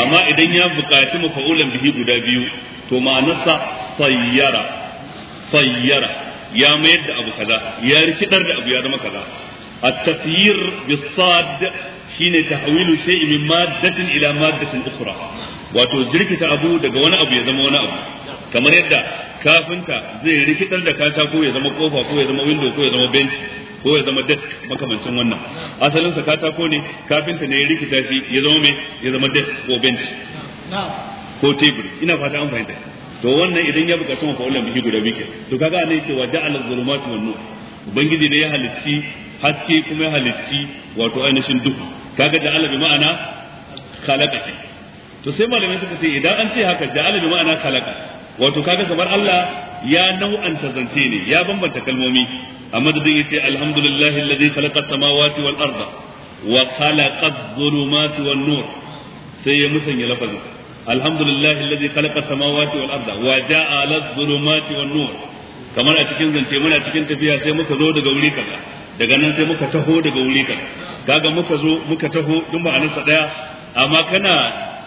amma idan ya bukaci mafulan bihi guda biyu to ma'anarsa sayyara sayyara ya mayar da abu kaza ya rikidar da abu ya zama kaza التسيير بالصاد شين تحويل شيء من مادة إلى مادة أخرى wato jirkita abu daga wani abu ya zama wani abu kamar yadda kafinta zai rikitar da ko ya zama kofa ko ya zama window ko ya zama bench ko ya zama desk makamancin wannan asalin sa katako ne kafinta ne ya rikita shi ya zama me ya zama desk ko bench ko table ina fata an fahimta to wannan idan ya buƙaci mu wannan biki guda biki to kaga ne cewa ja'al zulumat wan nur ubangiji ne ya halicci haske kuma ya halicci wato ainihin duhu kaga ja'al bi ma'ana khalaqa to sai malamai suka ce idan an ce haka ja'al bi ma'ana khalaqa wato kaga kamar Allah ya nau'anta zance ne ya bambanta kalmomi a madadin yace alhamdulillahi alladhi khalaqa samawati wal arda wa khalaqa adh-dhulumati wan nur sai ya musanya lafazin alhamdulillahi alladhi khalaqa samawati wal arda wa ja'ala adh-dhulumati wan nur kamar a cikin zance muna cikin tafiya sai muka zo daga wuri kaza daga nan sai muka taho daga wuri kaza kaga muka zo muka taho duk ma'anarsa daya amma kana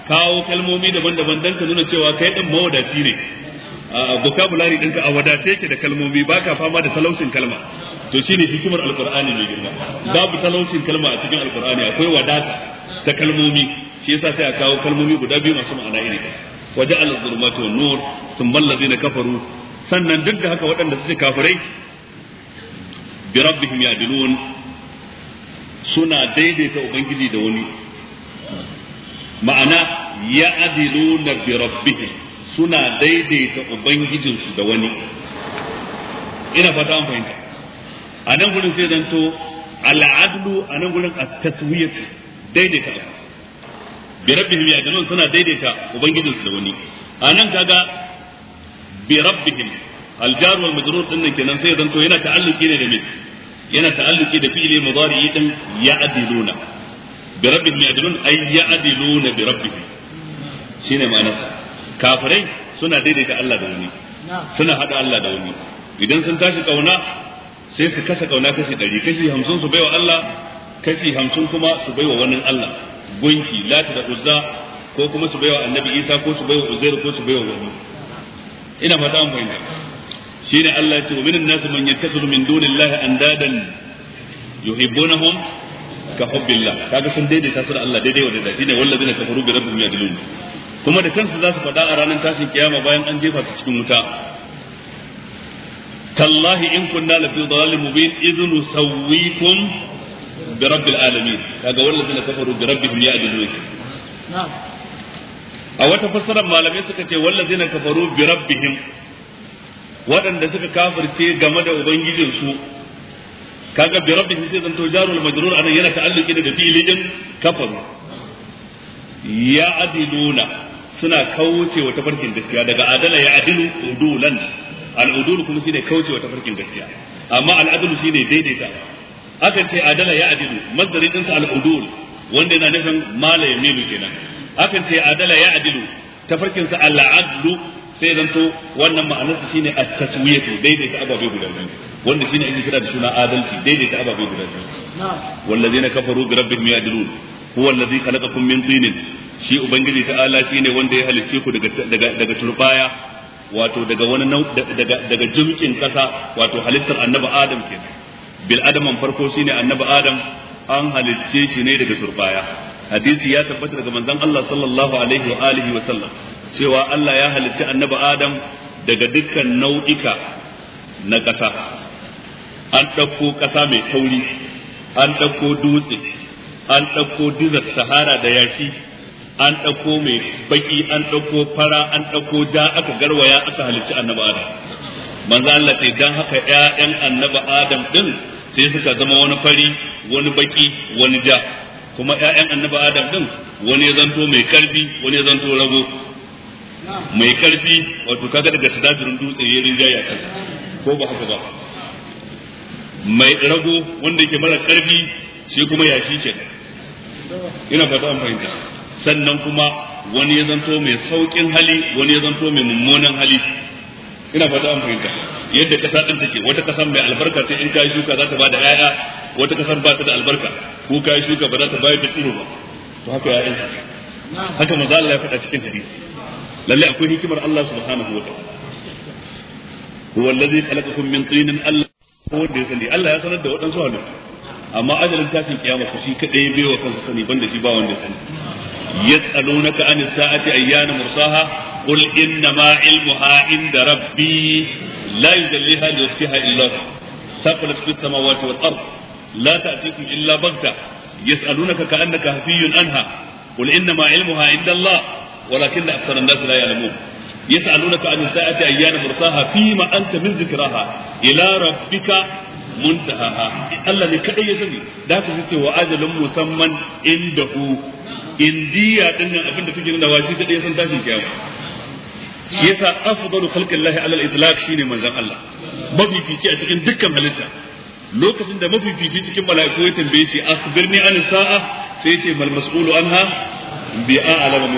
kawo kalmomi daban-daban dan ka nuna cewa kai din mawadaci ne vocabulary ɗinka a wadace ke da kalmomi baka fama da talaucin kalma to shine hikimar alqur'ani mai girma babu talaucin kalma a cikin alqur'ani akwai wadata ta kalmomi shi yasa sai a kawo kalmomi guda biyu masu ma'ana iri waje al-zulmatu wan-nur thumma alladhina kafaru sannan duk da haka waɗanda suke kafirai bi rabbihim yadilun suna daidaita ubangiji da wani ma'ana ya'diluna bi rabbihim suna daidaita ubangijinsu da wani ina fata an fahimta a nan gudun sai zanto al'adlu a nan gudun a taswiyat daidaita abu bi rabbihim ya'dilun suna daidaita ubangijinsu da wani a nan kaga bi rabbihim al-jar wal majrur din nan kenan sai zanto yana ta'alluki ne da me yana ta'alluki da fi'ili mudari din ya'diluna bi rabbihim ya'dilun ay ya'diluna bi shi ne ma'anarsa kafirai suna daidaita Allah da wani suna haɗa Allah da wani idan sun tashi ƙauna sai su kasa ƙauna kashi ɗari kashi hamsin su baiwa Allah kashi hamsin kuma su baiwa wani Allah gunki lati da uzza ko kuma su baiwa annabi isa ko su baiwa uzair ko su baiwa wani ina fata mun fahimta shine Allah ya ce wa minan nas man yattakhidhu min dunillahi andadan yuhibbunahum ka hubbillah kaga sun daidaita su da Allah daidai wa daidai shine wallazina kafaru bi rabbihim yadlun kuma da kansu za su faɗa a ranar tashin kiyama bayan an jefa su cikin wuta tallahi in kunna la fi dhalalin mubin idh nusawwikum bi rabbil alamin kaga wallazina kafaru bi rabbihim yadlun na'am a wata fassarar malamai suka ce wallazina kafaru bi rabbihim waɗanda suka kafirce game da ubangijinsu kaga bi rabbihi sai zanto jarul majrur anan yana ta'alluqi da fi'lin kafaru ya adiluna suna kauce wa tafarkin gaskiya daga adala ya adilu udulan al udul kuma shine kauce wa tafarkin gaskiya amma al adlu shine daidaita akan ce adala ya adilu masdarin dinsa al udul wanda yana nufin mala yamilu kenan akan ce adala ya adilu tafarkin sa al adlu sai to wannan ma'anarsa shine at-taswiyatu daidaita ababe guda biyu wanda shine ake kira da suna adalci daidaita ababe guda biyu wallazina kafaru bi rabbihim ya'dilun huwa allazi khalaqakum min tinin shi ubangiji ta'ala ne wanda ya halicce ku daga daga daga turbaya wato daga wani daga daga jumkin kasa wato halittar annabi adam kenan bil adaman farko shine annabi adam an halicce shi ne daga turbaya hadisi ya tabbata daga manzon Allah sallallahu alaihi wa alihi wa sallam cewa Allah ya halicci annabi Adam daga dukkan nau'ika na ƙasa an ɗauko ƙasa mai tauri an ɗauko dutse an ɗauko dizar sahara da yashi an ɗauko mai baki an ɗauko fara an ɗauko ja aka garwaya aka halicci annabi Adam manzo Allah ce dan haka ƴaƴan annabi Adam din sai suka zama wani fari wani baki wani ja kuma ƴaƴan annabi Adam din wani ya zanto mai karfi wani ya zanto rago mai karfi wato kaga daga sinadarin dutse ya rinjaye a kansa ko ba haka ba mai rago wanda yake mara karfi shi kuma shi ke ina fata ta fahimta sannan kuma wani ya zanto mai saukin hali wani ya zanto mai mummunan hali ina fata ta fahimta yadda kasa din take wata kasa mai albarka sai in kai shuka za ta bada ƴaƴa wata kasar ba ta da albarka ko kai shuka ba za ta bayar da tsiro ba to haka ya'yan haka manzo Allah ya faɗa cikin hadisi lalle akwai hikimar Allah subhanahu wa ta'ala huwa allazi khalaqakum min tinin Allah ko da sani Allah ya sanar da waɗansu halittu amma ajalin tashin kiyama ku shi kadai bai wa kansa sani banda shi ba wanda sani yas'alunaka an sa'ati ayyana mursaha qul inna ma ilmuha inda rabbi la yujalliha li waqtiha illa hu thaqulat fis samawati wal ard la ta'tikum illa baghta yas'alunaka ka'annaka hafiyyun anha qul inna ma ilmuha inda Allah walakin aktharun nas la ya'lamun yas'alunaka an sa'ati ayyana mursaha fima anta min zikraha ila rabbika muntahaha Allah ne kadai ya sani da haka sai ce wa ajalun musamman indahu indiya dinnan abinda take nuna wa shi kadai ya san tashin kiyama shi yasa afdalu khalqillahi ala al-itlaq shine manzon Allah mafifici a cikin dukkan halitta lokacin da mafifici cikin mala'iku ya tambaye shi akhbirni an sa'a sai ce mal anha bi a'lamu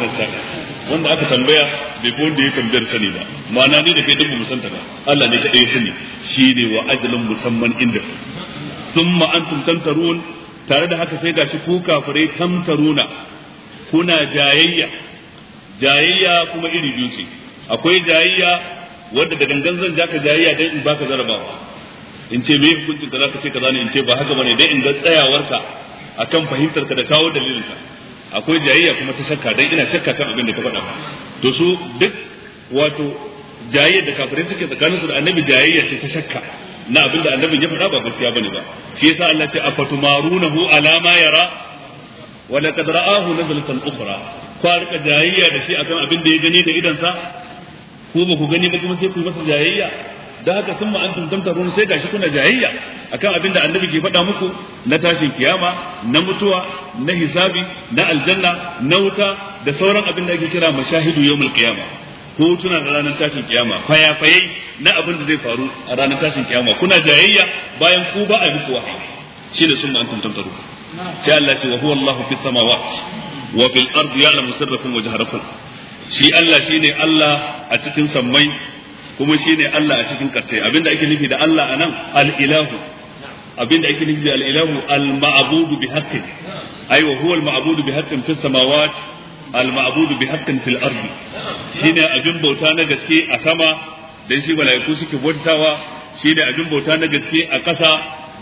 wanda aka tambaya bai fi wanda ya tambayar sani ba ma'ana ne da kai duk mu ba Allah ne kadai sani shi ne wa ajalin musamman inda sun antum tantarun tare da haka sai gashi ku kafirai tantaruna kuna jayayya jayayya kuma iri biyu ce akwai jayayya wanda da gangan zan ka jayayya dan in baka zarabawa in ce me hukuncin za ka ce kaza ne in ce ba haka bane dan in ga tsayawarka akan fahimtar ka da kawo dalilinka akwai jayayya kuma ta shakka dan ina shakka kan abin da ka faɗa to su duk wato jayayya da kafirai suke tsakanin su da annabi jayayya ce ta shakka na abin da annabi ya faɗa ba gaskiya bane ba shi yasa Allah ce afatumarunahu ala ma yara wa laqad ra'ahu nazlatan ukhra kwa rika jayayya da shi akan abin da ya gani da idan sa? ko ba ku gani ba kuma sai ku yi masa jayayya da haka sun ma an tuntumta ruwan sai gashi kuna jayayya akan abin da annabi ke faɗa muku na tashin kiyama na mutuwa na hisabi na aljanna na wuta da sauran abin da ake kira mashahidu yawmul qiyama hotuna da ranar tashin kiyama fayafaye na abin da zai faru a ranar tashin kiyama kuna jayayya bayan ku ba a yi muku wahayi shine sunna antum tantaru sai Allah ce wa huwa Allahu fis samawati wa fil ardi ya'lamu sirrakum wa shi Allah shine Allah a cikin sammai kuma shine Allah a cikin kasai abinda ake nufi da Allah anan al-ilahu abinda ake nufi da al-ilahu al-ma'budu bi haqqin ay wa huwa al-ma'budu bi haqqin fis samawati al-ma'budu bi haqqin fil ardi shine abin bauta na gaske a sama dan shi malaiku suke bautawa shine abin bauta na gaske a ƙasa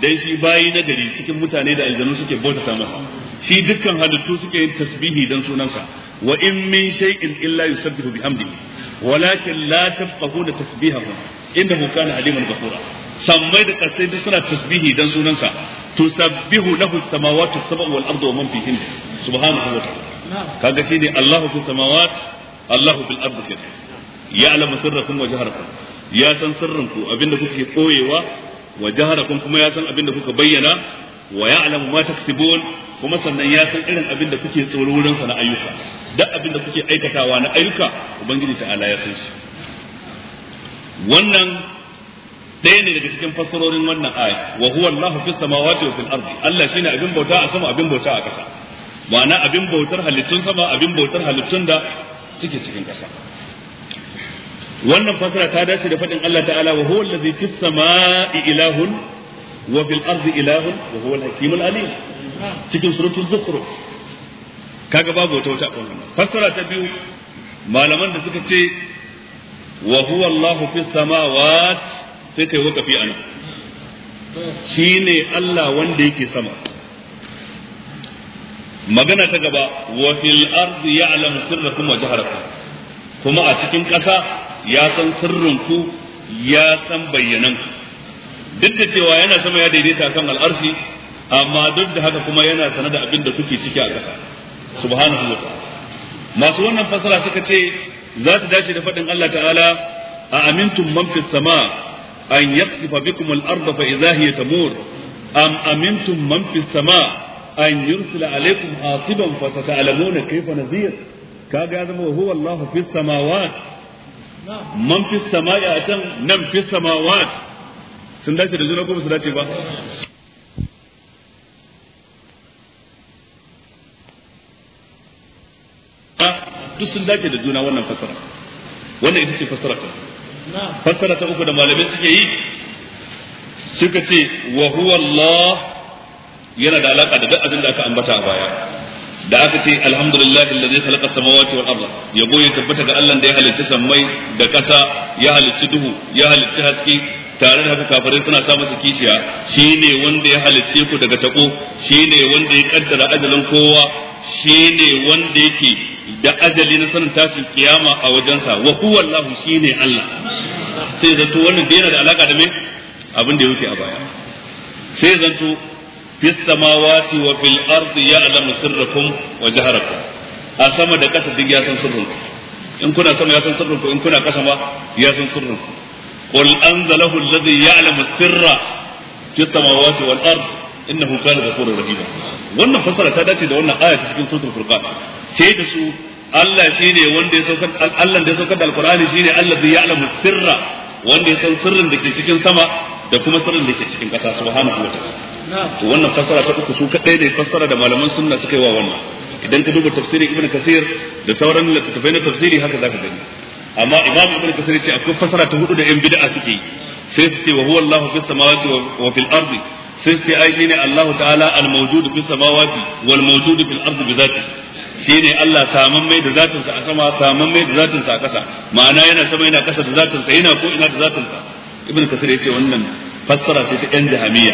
dan shi bayi na gari cikin mutane da aljanu suke bautata masa shi dukkan halittu suke yin tasbihi dan sunansa wa in min shay'in illa yusabbihu bihamdihi walakin la tafqahuna tasbihahum innahu kana aliman ghafura sammai da kasai duk suna tasbihi dan sunansa sabbihu lahu samawati sab'u wal ardu wa man fihin subhanahu wa ta'ala kaga shi ne Allahu fis samawat Allahu fil ardu kin ya'lamu sirrakum wa jaharakum ya san sirrinku abinda kuke koyewa wa jaharakum kuma ya san abinda kuka bayyana wa ya'lamu ma taksibun kuma sannan ya san irin abinda kuke tsoro wurin sa na ayyuka duk abinda kuke aikatawa na ayyuka ubangiji ta'ala ya san shi wannan ɗaya ne daga cikin fassarorin wannan aya wa huwa Allahu fis samawati wa fil ardi Allah shine abin bauta a sama abin bauta a ƙasa ma'ana abin bautar halittun sama abin bautar halittun da suke cikin ƙasa wannan fassara ta dace da faɗin Allah ta'ala wa huwa allazi fis samai ilahun wa fil ardi ilahun wa huwa al-hakim al-alim cikin suratul zukhruf kaga babu wata wata akwai fassara ta biyu malaman da suka ce wa huwa Allahu fis samawati sai kai wakafi ana shine Allah wanda yake sama magana ta gaba wa fil ardi ya'lamu sirrakum wa jaharakum kuma a cikin ƙasa ya san sirrinku ya san bayyananku duk da cewa yana sama ya daidaita kan al'arshi amma duk da haka kuma yana sanar da abin da kuke ciki a ƙasa subhanahu wa masu wannan fasara suka ce za ta dace da faɗin Allah ta'ala a amintun man fis sama an yakhsifa fa al-ardha fa idha hiya tamur am amintum man fi as-sama' an yursila alaykum hasiban fa sata'lamuna kayfa nadhir kaga zama huwa Allahu fi man fi as-sama'i nan sun dace da juna ko dace ba duk sun dace da juna wannan fasara wannan ita ce fasara ta fassara ta uku da malamai suke yi suka ce wa huwa Allah yana da alaka da duk abin da aka ambata a baya da aka ce alhamdulillahi allazi khalaqa samawati wal arda yabo ya tabbata ga Allah da ya halitta sammai da kasa ya halitta duhu ya halitta haske tare da haka kafirai suna sa masa kishiya shine wanda ya halitta ku daga tako shine wanda ya kaddara ajalin kowa shine wanda yake da ajali na sanin tashin kiyama a wajensa wa huwa Allah shine Allah sai zanto wannan da yana da alaka da me abin da ya wuce a baya sai zanto fis samawati wa fil ardi ya'lamu sirrakum wa jaharakum a sama da kasa duk ya san sirrinku in kuna sama ya san sirrinku in kuna kasa ma ya san sirrinku qul anzalahu alladhi ya'lamu sirra fis samawati wal ardi innahu kana ghafurur rahima wannan fasara ta dace da wannan aya ta cikin suratul furqan sai da su Allah shine wanda ya saukar Allah da ya saukar da alqur'ani shine allazi ya'lamu sirra wanda ya san sirrin da ke cikin sama da kuma sirrin da ke cikin ƙasa subhanahu wa ta'ala wannan fassara ta uku su kadai ne fassara da malaman sunna suka yi wa wannan idan ka duba tafsirin ibn kasir da sauran littattafai na tafsiri haka zaka gani amma imam ibn kasir ce akwai fassara ta hudu da yan bid'a suke yi sai su ce wa huwa allah fi samawati wa fil ardi sai su ce ai shine allah ta'ala al mawjud fi samawati wal mawjud fil ardi bi zati Shi ne Allah saman mai da zatin a sama saman mai da zatin a kasa ma'ana yana sama yana kasa da zatin yana ko ina da zatin sa ibn kasir yace wannan fassara ce ta yan jahamiya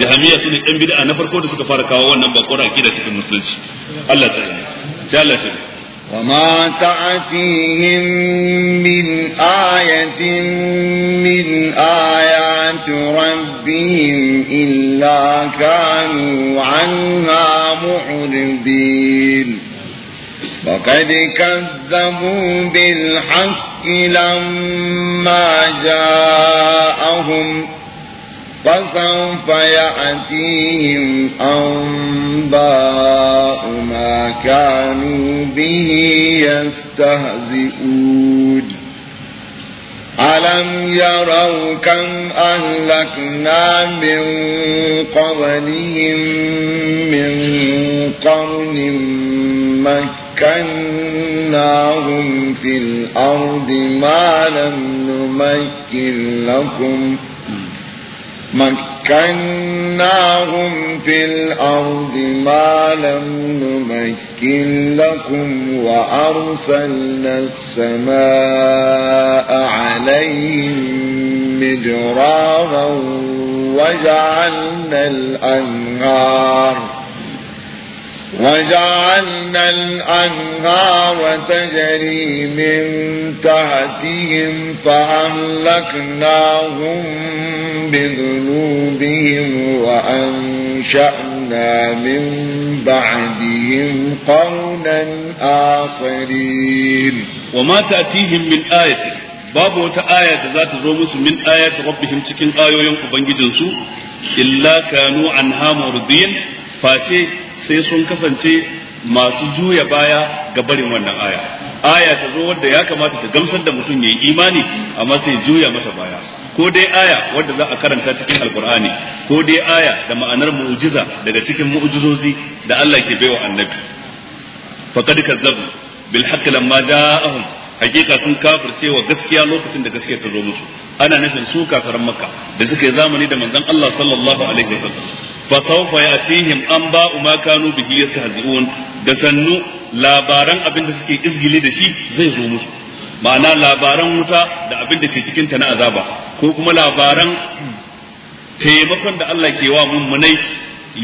jahamiya sune yan bid'a na farko da suka fara kawo wannan bakon akida cikin musulunci Allah ta yi sai Allah ya وما تعتيهم من آية من آيات ربهم إلا كانوا عنها معرضين فقد كذبوا بالحق لما جاءهم فسوف يأتيهم أنباء ما كانوا به يستهزئون ألم يروا كم أهلكنا من قبلهم من قرن مكين مكناهم في الأرض ما لم نمكن لكم مكناهم في الأرض ما لم نمكن لكم وأرسلنا السماء عليهم مدرارا وجعلنا الأنهار وجعلنا الأنهار تجري من تحتهم فأهلكناهم بذنوبهم وأنشأنا من بعدهم قولا آخرين وما تأتيهم من آية باب وتآية ذات الرمس من آية ربهم تكن آية ينقبن جنسو إلا كانوا عنها مرضين فاتي sai sun kasance masu juya baya ga barin wannan aya aya ta zo wadda ya kamata ta gamsar da mutum yayi imani amma sai juya mata baya ko dai aya wadda za a karanta cikin alkur'ani ko dai aya da ma'anar mu'jiza daga cikin mu'jizozi da Allah ke baiwa annabi faqad kazzabu bil haqq lamma ja'ahum hakika sun kafirce wa gaskiya lokacin da gaskiya ta zo musu ana nufin su kafaran makka da suka zamani da manzon Allah sallallahu alaihi wasallam fa an yatihim anba'u ma kanu bihi yastahzi'un da sannu labaran abin da suke izgili da shi zai zo musu ma'ana labaran wuta da abin da ke cikin ta na azaba ko kuma labaran taimakon da Allah ke wa mummunai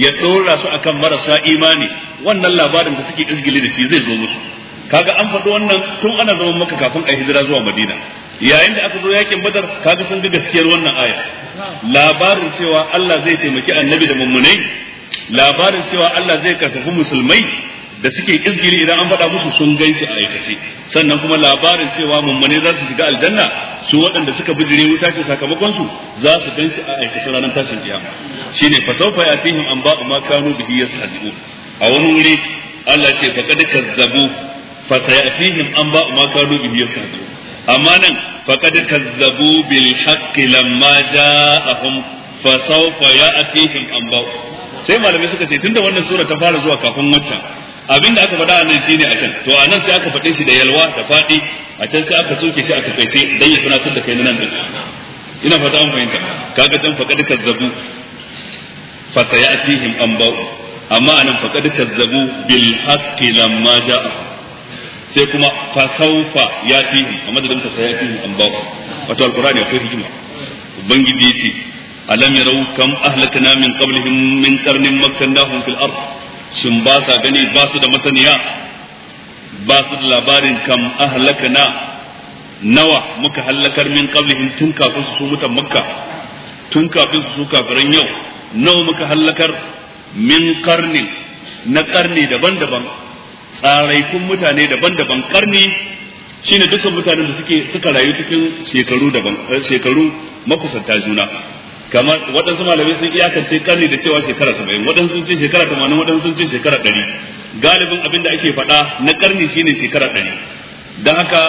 ya ɗora su akan marasa imani wannan labarin da suke izgili da shi zai zo musu kaga an faɗi wannan tun ana zaman maka kafin a hijira zuwa madina yayin da aka zo yakin badar kaga sun ga gaskiyar wannan aya labarin cewa Allah zai taimaki annabi da mummunai labarin cewa Allah zai karfafi musulmai da suke izgiri idan an faɗa musu sun ganshi a aikace sannan kuma labarin cewa mummune za su shiga aljanna su waɗanda suka bijire wuta ce sakamakon su za su ganshi a aikace ranar tashin kiyama shine fa sawfa yatihim an ba'u ma kanu bihi yastahzi'un a wani wuri Allah ce faqad kazzabu fa sayatihim an ba'u ma kanu bihi yastahzi'un amma nan faqad kazzabu bil haqqi lamma ja'ahum fa sawfa ya'tihim anba sai malamai suka ce tunda wannan sura ta fara zuwa kafin waccan abinda aka faɗa a nan shine a can to a nan sai aka faɗe shi da yalwa da faɗi a can sai aka soke shi a kaice dan ya tunatar da kai nan din ina fata an fahimta kaga can faqad kazzabu fa sayatihim anba amma anan faqad kazzabu bil haqqi lamma ja'ahum sai kuma fa saufa ya tihi a madadin sa ya tihi an ba wato alqur'ani akwai hikima ubangiji yace alam yarau kam ahlakna min qablihim min qarnin makkannahum fil ard Sun ba sa gani ba su da masaniya ba su da labarin kam ahlakna nawa muka hallakar min qablihim tun kafin su mutan makka tun kafin su kafiran yau nawa muka hallakar min qarnin na karni daban-daban tsaraikun mutane daban-daban karni shine dukkan mutanen da suke suka rayu cikin shekaru daban eh, shekaru makusanta juna kamar waɗansu malamai sun iyakance karni da cewa shekara saba'in waɗansu sun ce shekara tamanin waɗansu sun ce shekara ɗari galibin abin da ake faɗa na karni shine shekara ɗari don haka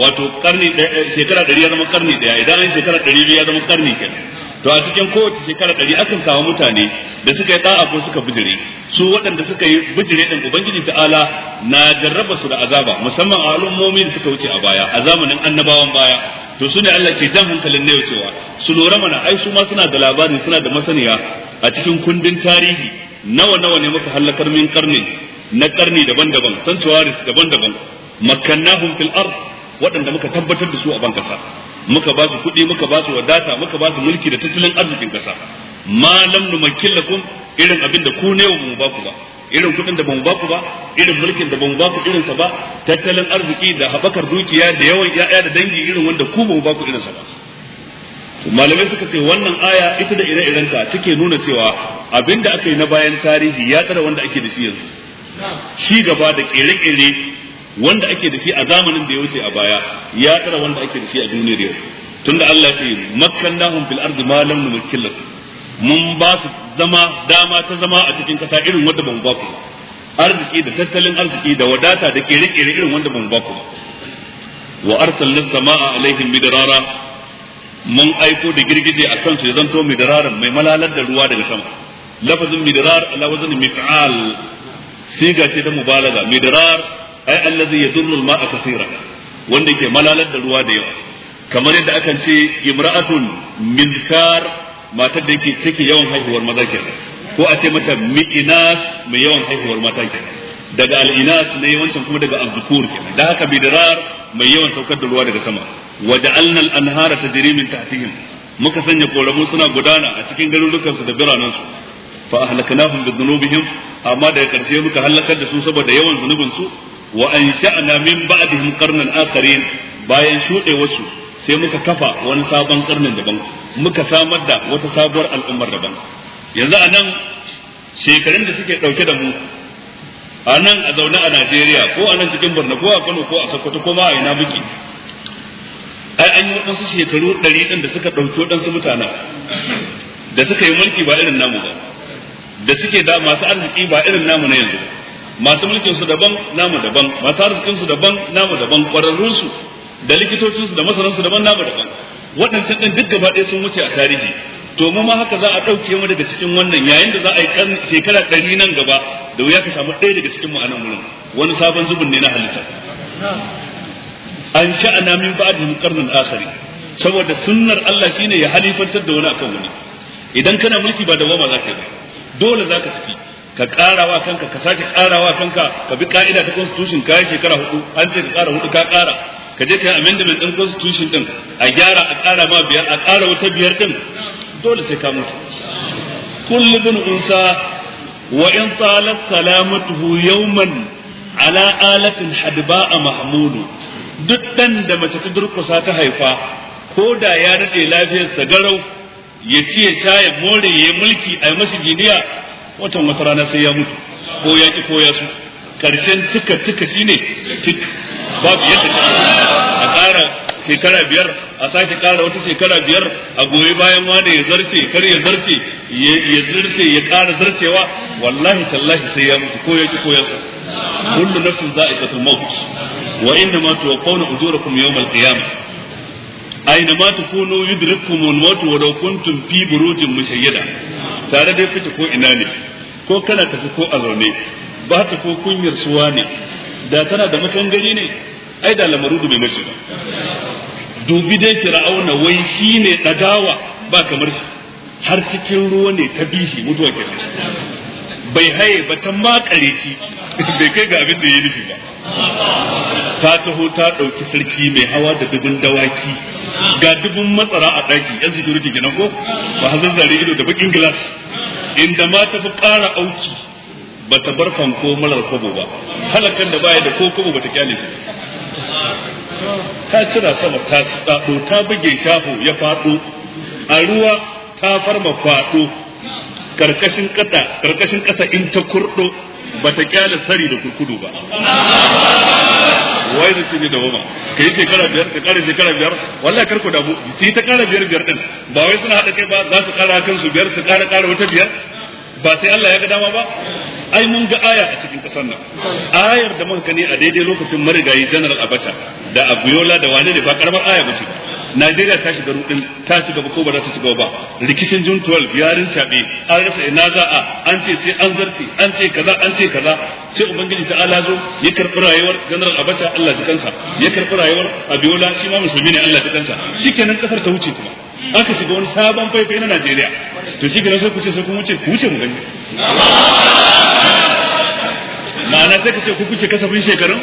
wato karni eh, shekara ɗari ya zama karni ɗaya idan an shekara ɗari ya zama karni kenan to a cikin kowace shekara ɗari akan samu mutane da suka yi da'a ko suka bijire su waɗanda suka yi bijire ɗin ubangiji ta Ala na jarraba su da azaba musamman a al'ummomi da suka wuce a baya a zamanin annabawan baya to su ne Allah ke jan hankalin na cewa su lura mana ai su ma suna da labarin suna da masaniya a cikin kundin tarihi nawa nawa ne muka halakar min karni na karni daban-daban santuwaris daban-daban makkannahum fil ard waɗanda muka tabbatar da su a ban kasa muka ba su kuɗi muka ba su wadata muka ba su mulki da tattalin arzikin kasa. ma lam numakkin irin abin da ku ne mu ba ku ba irin kuɗin da mu ba ku ba irin mulkin da mu ba ku irin sa ba tattalin arziki da habakar dukiya da yawan ya'ya da dangi irin wanda ku mu ba ku irin sa ba malamai suka ce wannan aya ita da ire-irenta take nuna cewa abinda aka yi na bayan tarihi ya tsara wanda ake da shi yanzu shi gaba da kere-kere wanda ake da shi a zamanin da ya wuce a baya ya tsara wanda ake da shi a duniyar yau tunda Allah ce makkannahum fil ardi ma lam numakkil mun ba su zama dama ta zama a cikin kasa irin wanda ban ba ku arziki da tattalin arziki da wadata da kere-kere irin wanda ban ba ku wa arsalna samaa alaihim midrara mun aiko da girgije a kansu ya zanto midraran mai malalar da ruwa daga sama lafazin midrar lafazin mif'al siga ce ta mubalaga midrar ai allazi yadurru al-ma'a kaseera wanda yake malalar da ruwa da yawa kamar yadda akan ce imra'atun minkar matar da yake take yawan haihuwar maza kenan ko a ce mata mi'inas mai yawan haihuwar mata kenan daga al'inas ne wancan kuma daga azkur kenan da haka bidrar mai yawan saukar da ruwa daga sama waja'alna al-anhara tajri min tahtihim muka sanya koramu suna gudana a cikin garurukan su da biranen su fa ahlaknahum bi dhunubihim amma daga karshe muka halakar da su saboda yawan zunubin su wa ansha'na min ba'dihim qarnan akharin bayan shuɗe wasu sai muka kafa wani sabon karnin daban muka samar da wata sabuwar al'ummar daban yanzu a nan shekarun da suke ɗauke da mu a nan a zaune a Najeriya ko a nan cikin Borno ko a Kano ko a Sokoto ko ma a ina muke ai an yi wadansu shekaru ɗari ɗin da suka ɗauki waɗansu mutana, da suka yi mulki ba irin namu ba da suke da masu arziki ba irin namu na yanzu masu mulkin su daban namu daban masu arzikin su daban namu daban kwararrun su da likitocin su da masaran su daban namu daban waɗancan ɗin duk gaba ɗaya sun wuce a tarihi to mu ma haka za a ɗauke mu daga cikin wannan yayin da za a yi shekara ɗari nan gaba da wuya ka samu ɗaya daga cikin mu a wurin wani sabon zubin ne na halitta an na min min qarnan akhari saboda sunnar Allah shine ya halifantar da wani akan wani idan kana mulki ba dawama zaka yi ba dole zaka tafi ka ƙara wa kanka ka sake wa kanka ka bi ka'ida ta constitution kai shekara hudu an ce ka ƙara hudu ka ƙara. ka je kai amendment din constitution din a gyara a ƙara ma biyar a ƙara wata biyar din dole sai ka mutu kullu bin unsa wa in talat salamatuhu yawman ala alatin hadba'a mahmudu duk dan da mace ta durkusa ta haifa ko da ya dade lafiyarsa garau ya ci ya sha ya more ya mulki a mashi jiniya watan wata rana sai ya mutu ko ya ki ko ya su karshen tuka tuka shine tik babu yadda a ƙara shekara biyar a sake ƙara wata shekara biyar a goyi bayan wani ya zarce kar ya zarce ya zarce ya ƙara zarcewa wallahi tallahi sai ya mutu ko ya ki ko ya su kullu nafsin za'iqatul maut wa innama tuwaffawna ujurakum yawmal qiyamah أينما تكونوا يدرككم الموت ولو كنتم fi burujin mushayyada tare dai fita ko ina ne ko kana tafi ko a zaune ba ta ko kunyar suwa ne da tana da makangari ne ai da lamaru bai mace ba dubi dai fir'auna wai shi ne dagawa ba kamar shi har cikin ruwa ne ta bihi mutuwa kenan bai haye ba ta makare shi bai kai ga abin da ya nufi ba ta taho ta ɗauki sarki mai hawa da dubun dawaki ga dubun matsara a ɗaki yan security kenan ko ba ido da bakin glass inda ma ta fi ƙara auki ba ta bar fanko marar kwabo ba halakan da baya da ko kwabo ba ta kyale shi ta cira sama ta tsado ta buge shafo ya faɗo a ruwa ta farma kwaɗo karkashin ƙasa in ta kurɗo Ba ta kyale sari da kurkudu ba wai da sun da goma, ka yi shekara biyar ka kare shekara biyar wallahi karku da bu, su yi ta kara biyar biyar din ba wai suna haɗa kai ba za su kara kansu biyar su kara kara wata biyar ba sai Allah ya ga dama ba ai mun ga aya a cikin kasar nan ayar da muka ne a daidai lokacin marigayi general abacha da Abuyola da wane ne ba karamar aya ba ce ba Najeriya ta shiga rudin ta shiga ko ba za ta gaba ba rikicin jun 12 yarin tabe an rasa ina za a an ce sai an zarci an ce kaza an ce kaza sai ubangiji ta ala zo ya karbi rayuwar General Abacha Allah ji kansa ya karbi rayuwar Abiola shi ma musulmi ne Allah ji kansa shikenan kasar ta wuce kuma aka shiga wani sabon faifai na Najeriya to shikenan sai ku ce sai ku wuce ku wuce mu gani ma'ana sai ka ce ku kuce kasafin shekarun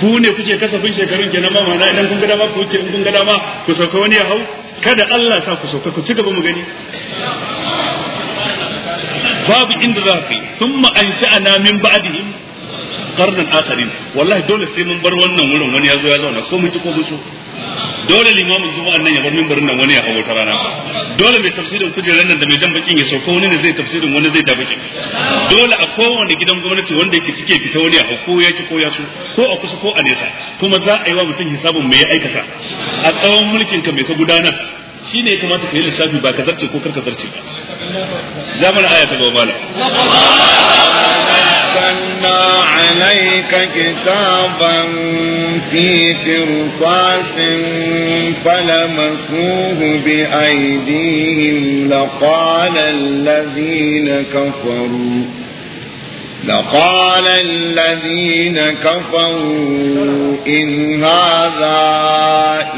ku ne kuke kasafin shekarun kenan ba ma'ana idan kun ga dama ku wuce in kun ga dama ku sauka wani ya hau kada Allah sa ku sauka ku cigaba mu gani babu inda za ku yi thumma ansha'na min ba'dihim qarnan akharin wallahi dole sai mun bar wannan wurin wani ya zo ya zauna ko mu ci ko mu so dole limamin zuwa nan ya bar mimbarin nan wani ya hawo ta rana dole mai tafsirin kujerar nan da mai dan bakin ya sauka wani ne zai tafsirin wani zai tafi dole a kowane gidan gwamnati wanda yake cike fita wani ya ko ya ki ko ya su ko a kusa ko a nesa kuma za a yi wa mutum hisabin mai aikata a tsawon mulkin ka mai ka gudanar ne ya kamata ka yi lissafi ba ka zarce ko kar ka zarce ba za mana aya ta gaba bala عليك kitaban في قرطاس فلمسوه بأيديهم لقال الذين كفروا لقال الذين كفروا إن هذا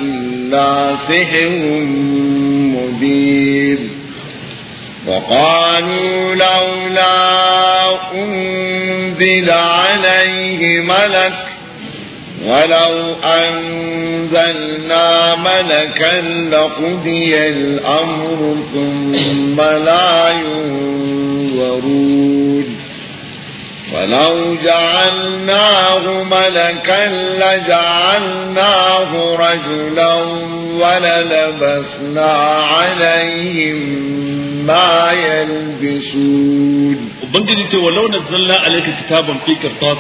إلا سحر مبين وقالوا لولا أنزل عليه ملك ولو أنزلنا ملكا لقضي الأمر ثم لا ينظرون ولو جعلناه ملكا لجعلناه رجلا وللبسنا عليهم ما يلبسون وبنجد ولو نزلنا عليك كتابا في قرطاس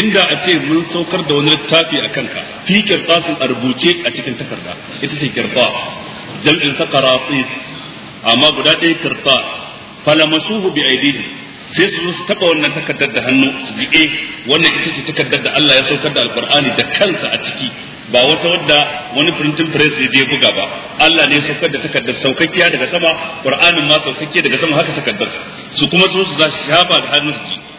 inda a ce mun saukar da wani littafi a kanka fi kirtasin a rubuce a cikin takarda ita ce kirta jam'in sa amma guda ɗaya kirta falamasuhu bi aidihim sai su zo su taba wannan takardar da hannu su ji eh wannan ita ce takardar da Allah ya saukar da alqur'ani da kansa a ciki ba wata wadda wani printing press ya je buga ba Allah ne saukar da takardar saukakkiya daga sama qur'anin ma saukakke daga sama haka takardar su kuma su su za su shafa da hannun su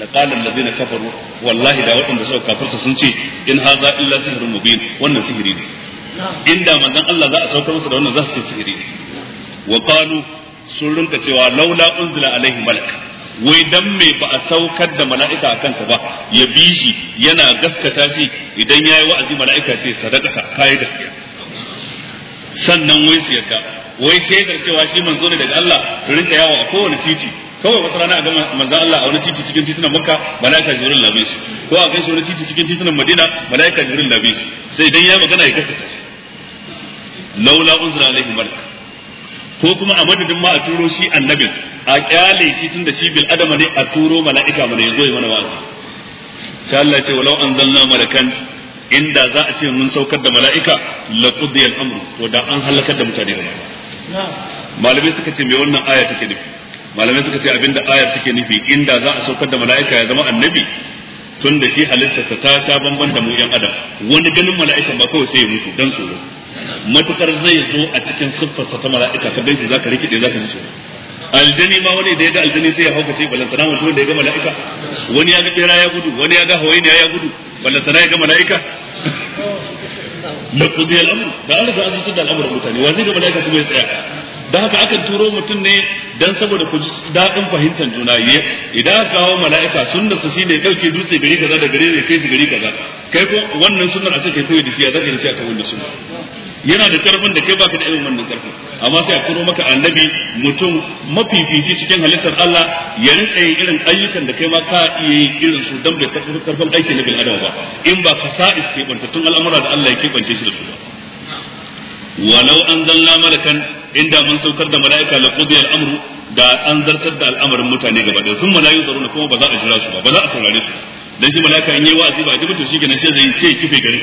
la qala allazina kafaru wallahi da waɗanda suka kafirta sun ce in hadha illa sihrun mubin wannan sihiri ne inda manzon Allah za a saukar musu da wannan za su ce sihiri ne wa qalu sun rinka cewa laula unzila alaihi malak wai dan me ba a saukar da mala'ika a kansa ba ya bi shi yana gaskata shi idan yayi wa'azi mala'ika ce sadaqata kai gaskiya sannan wai su yarda wai shaidar cewa shi manzo ne daga Allah su rinka yawo a kowane titi kawai wasu rana a ga manzan Allah a wani titi cikin titunan Makka malaika Jibril na shi ko a gaishe wani titi cikin titunan Madina malaika Jibril na shi sai idan ya magana ya kasa kashi laula unzira alaihi malak ko kuma a madadin ma a turo shi annabin a kyale titin da shi bil adama ne a turo malaika mana ya ya mana wa'azi Sha Allah ce walau anzalna malakan inda za a ce mun saukar da mala'ika la qudiya al-amru to da an halakar da mutane gaba malamai suka ce me wannan aya take nufi malamai suka ce abinda ayar take nufi inda za a saukar da mala'ika ya zama annabi tun da shi halittarsa ta sha bamban da mu yan adam wani ganin mala'ika ba kawai sai ya mutu dan tsoro matukar zai zo a cikin siffarsa ta mala'ika ka ganshi zaka rikide zaka ji tsoro aljani ma wani da ya ga aljani sai ya hauka sai balantana mutum da ya ga mala'ika wani ya ga tsira ya gudu wani ya ga hawainiya ya gudu balantana ya ga mala'ika laqdi al-amr da an riga an da al'amuran mutane wa zai ga mala'ika kuma ya tsaya da haka akan turo mutum ne dan saboda ku ji daɗin fahimtar juna yi idan aka kawo mala'ika sunnar su shine dauke dutse gari kaza da gari ne kai su gari kaza kai ko wannan sunnar a cikin kai koyi da shi ya zaka da akan wannan sunnar yana da karfin da kai baka da irin wannan karfin amma sai a turo maka annabi mutum mafifici cikin halittar Allah ya rinka yin irin ayyukan da kai ma ka iya yin irin su dan bai karfin aikin na bil Adamu ba in ba fasa'is ke bantattun al'amura da Allah ya ke bance shi da su ba walau anzalna malakan inda mun saukar da malaika la qudiya al-amru da an zartar da al'amarin mutane gaba da sun malayu tsaro kuma ba za a jira su ba ba za a saurare su dan shi malaka in yi wa'azi ba a ji mutum shi kenan sai zai sai kife gari.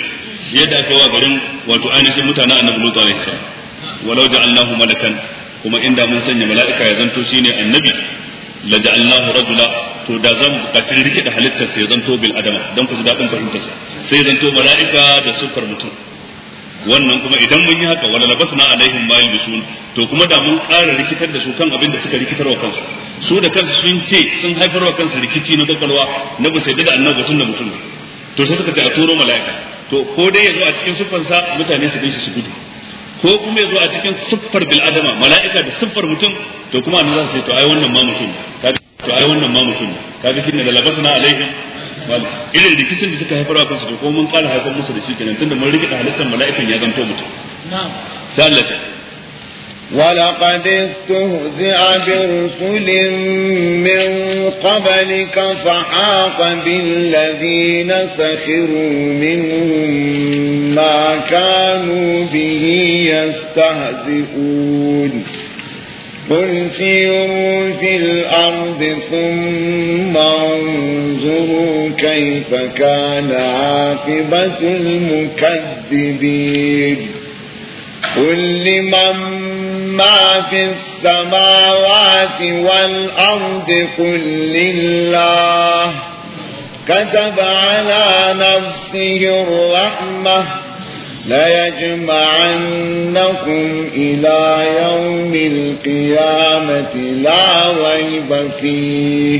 yadda aka wa garin wato ainihin mutanen annabi lutu alaihi salam walau ja'alnahu malakan kuma inda mun sanya mala'ika ya zanto shine annabi la ja'alnahu rajula to da zan bukaci rike da halittar sai zanto bil adama dan ku ji dadin fahimtar sa sai zanto mala'ika da sufar mutum wannan kuma idan mun yi haka wala labasna alaihim ma yalbisun to kuma da mun ƙara rikitar da su kan abin da suka rikitar wa kansu su da kansu sun ce sun haifar wa kansu rikici na kwakwalwa na ba sai da annabi tun da to sai suka ce a turo mala'ika to ko dai yazo a cikin sufan sa mutane su gaishe su gudu ko kuma yazo a cikin sufar bil adama mala'ika da sufar mutum to kuma annabi za su ce to ai wannan ma mutum kaga to ai wannan ma mutum kaga shine da labasna alaihim irin rikicin da suka haifar a kansu ko mun kara haifar musu da shi kenan tunda mun rikita halittar mala'ikan ya zanto mutum na'am ya ولقد استهزئ برسل من قبلك فحاق بالذين سخروا منهم ما كانوا به يستهزئون قل سيروا في الأرض ثم انظروا كيف كان عاقبة المكذبين قل لمن ما في السماوات والأرض قل لله كتب على نفسه الرحمه ليجمعنكم إلى يوم القيامة لا ريب فيه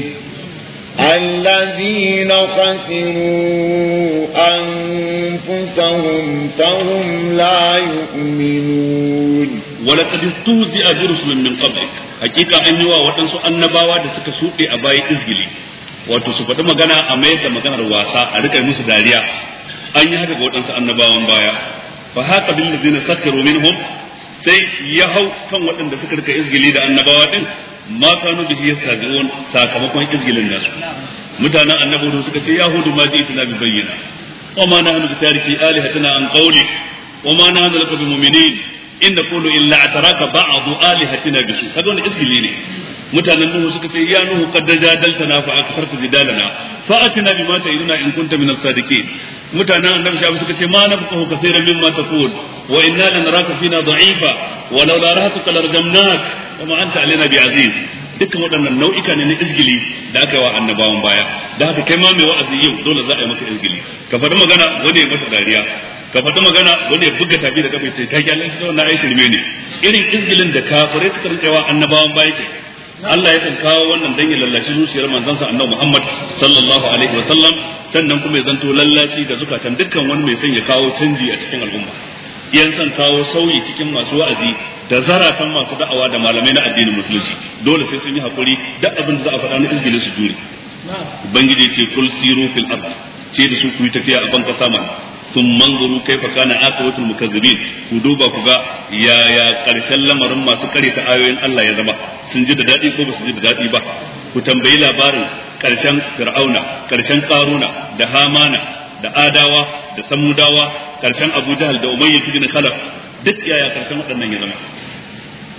الذين خسروا أنفسهم فهم لا يؤمنون ولقد استهزئ برسل من قبلك حقيقة أن يوا وتنسو النباوة دسك سوء أباي إزجلي wato su faɗi magana a mayar da maganar wasa a rika musu dariya an yi haka ga waɗansu annabawan baya fa haka bil ladina sakhiru minhum sai ya hau kan waɗanda suka rika izgili da annabawa din ma kanu bihi yastajiun sakamakon izgilin nasu mutanen annabawa suka ce yahudu ma ji itina bi bayyana wa ma nahnu bi tariki alihatina an qawli wa ma nahnu laka mu'minin in naqulu illa ataraka ba'd alihatina bisu kaga wannan izgili ne mutanen nuhu suka ce ya nuhu qad jadaltana fa aktharta jidalana fa atina bima ta'iduna in kunta min as-sadiqin mutanen annabi shafi suka ce ma nafqahu kaseeran mimma taqul wa inna lanaraka fina da'ifa wa law la rahatuka larjamnak Kama ma anta alaina Aziz. dukkan waɗannan nau'ika ne na izgili da aka yi wa annabawan baya da haka kai ma mai wa'azi yau dole za a yi maka izgili ka faɗi magana wanda ya masa dariya ka faɗi magana wanda ya buga tafi da kafai sai ta kyalin shi na aishi ne irin izgilin da kafirai suka annabawan baya ke Allah ya kan kawo wannan dan ya lallashi zuciyar manzon sa Annabi Muhammad sallallahu alaihi wasallam sannan kuma ya zanto lallaci ga zukatan dukkan wani mai son ya kawo canji a cikin al'umma yan san kawo sauyi cikin masu wa'azi da zaratan masu da'awa da malamai na addinin musulunci dole sai sun yi hakuri da abin da za a faɗa na izgili su jure ubangiji ce kul siru fil ce da su ku yi tafiya a banka kasa sun manzuru kai fa kana wata mukazzibin ku duba ku ga yaya karshen lamarin masu kare ta ayoyin Allah ya zama sun ji da daɗi ko ba su ji da daɗi ba ku tambayi labarin ƙarshen fir'auna ƙarshen ƙaruna da hamana da adawa da samudawa ƙarshen abu jahal da umayya kibin khalaf duk yaya ƙarshen waɗannan ya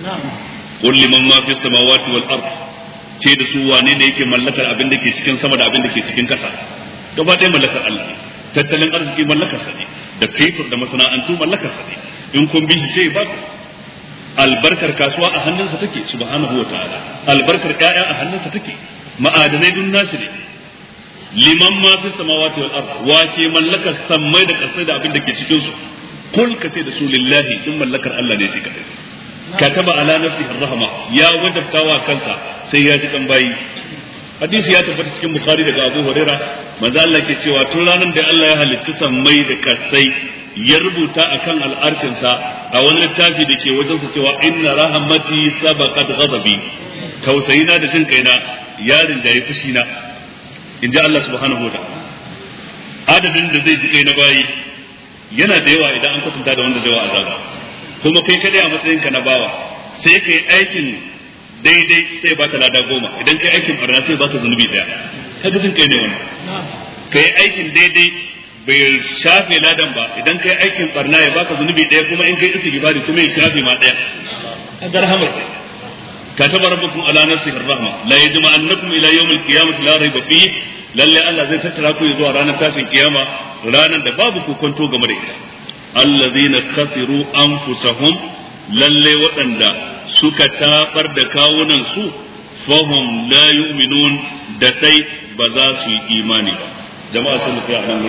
zama qul liman ma fi samawati wal ard ce da su wane ne yake mallakar abin da ke cikin sama da abin da ke cikin ƙasa gaba ɗaya mallakar Allah tattalin arziki mallakar sa ne da fetur da masana'antu mallakar sa ne in kun bi shi sai ba albarkar kasuwa a hannunsa take subhanahu wa albarkar ƴaƴa a hannunsa take ma'adanai dun nashi ne liman ma fi samawati wal ard wa ke mallakar sammai da ƙasai da abin da ke cikin su kul ka ce da su lillahi in mallakar Allah ne shi kadai kataba ala nafsihi rahma ya wajabta wa kansa sai ya ji dan bayi hadisi ya tabbata cikin bukhari daga abu huraira manzo Allah ke cewa tun ranar da Allah ya halicci sammai da kasai ya rubuta akan al'arshinsa a wani littafi da ke wajen su cewa inna rahmati sabaqat ghadabi tausayina da jin kaina ya rinjaye na. in ji Allah subhanahu wa ta'ala adadin da zai ji kai na bayi yana da yawa idan an kwatanta da wanda zai wa azaba kuma kai kadai a matsayin ka na bawa sai kai aikin daidai sai ba ta lada goma idan kai aikin barna sai ba ka zunubi daya kaga jin kai ne wannan kai aikin daidai bai shafe ladan ba idan kai aikin barna ya baka zunubi daya kuma in kai istighfari kuma ya shafe ma daya kaga rahama ce كتب ربكم rahma. نفسه الرحمة لا يجمعنكم إلى يوم القيامة لا ريب فيه lalle Allah zai tattara ku zuwa ranar tashin kiyama ranar da babu ku kwanto game da ita allazina khasiru anfusahum lalle waɗanda suka tabar da kawunan su fahum la yu'minun da sai ba za su yi imani ba jama'a sun musu tsaya a nan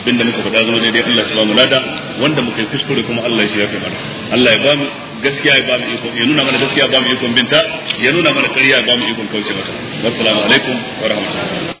abinda muka faɗa zama daidai Allah su bamu mu lada wanda muka yi kuskure kuma Allah shi ya fi mana Allah ya ba mu gaskiya ya ba mu iko ya nuna mana gaskiya ba mu iko binta ya nuna mana ƙarya ba mu iko kauce mata wassalamu alaikum wa rahmatullahi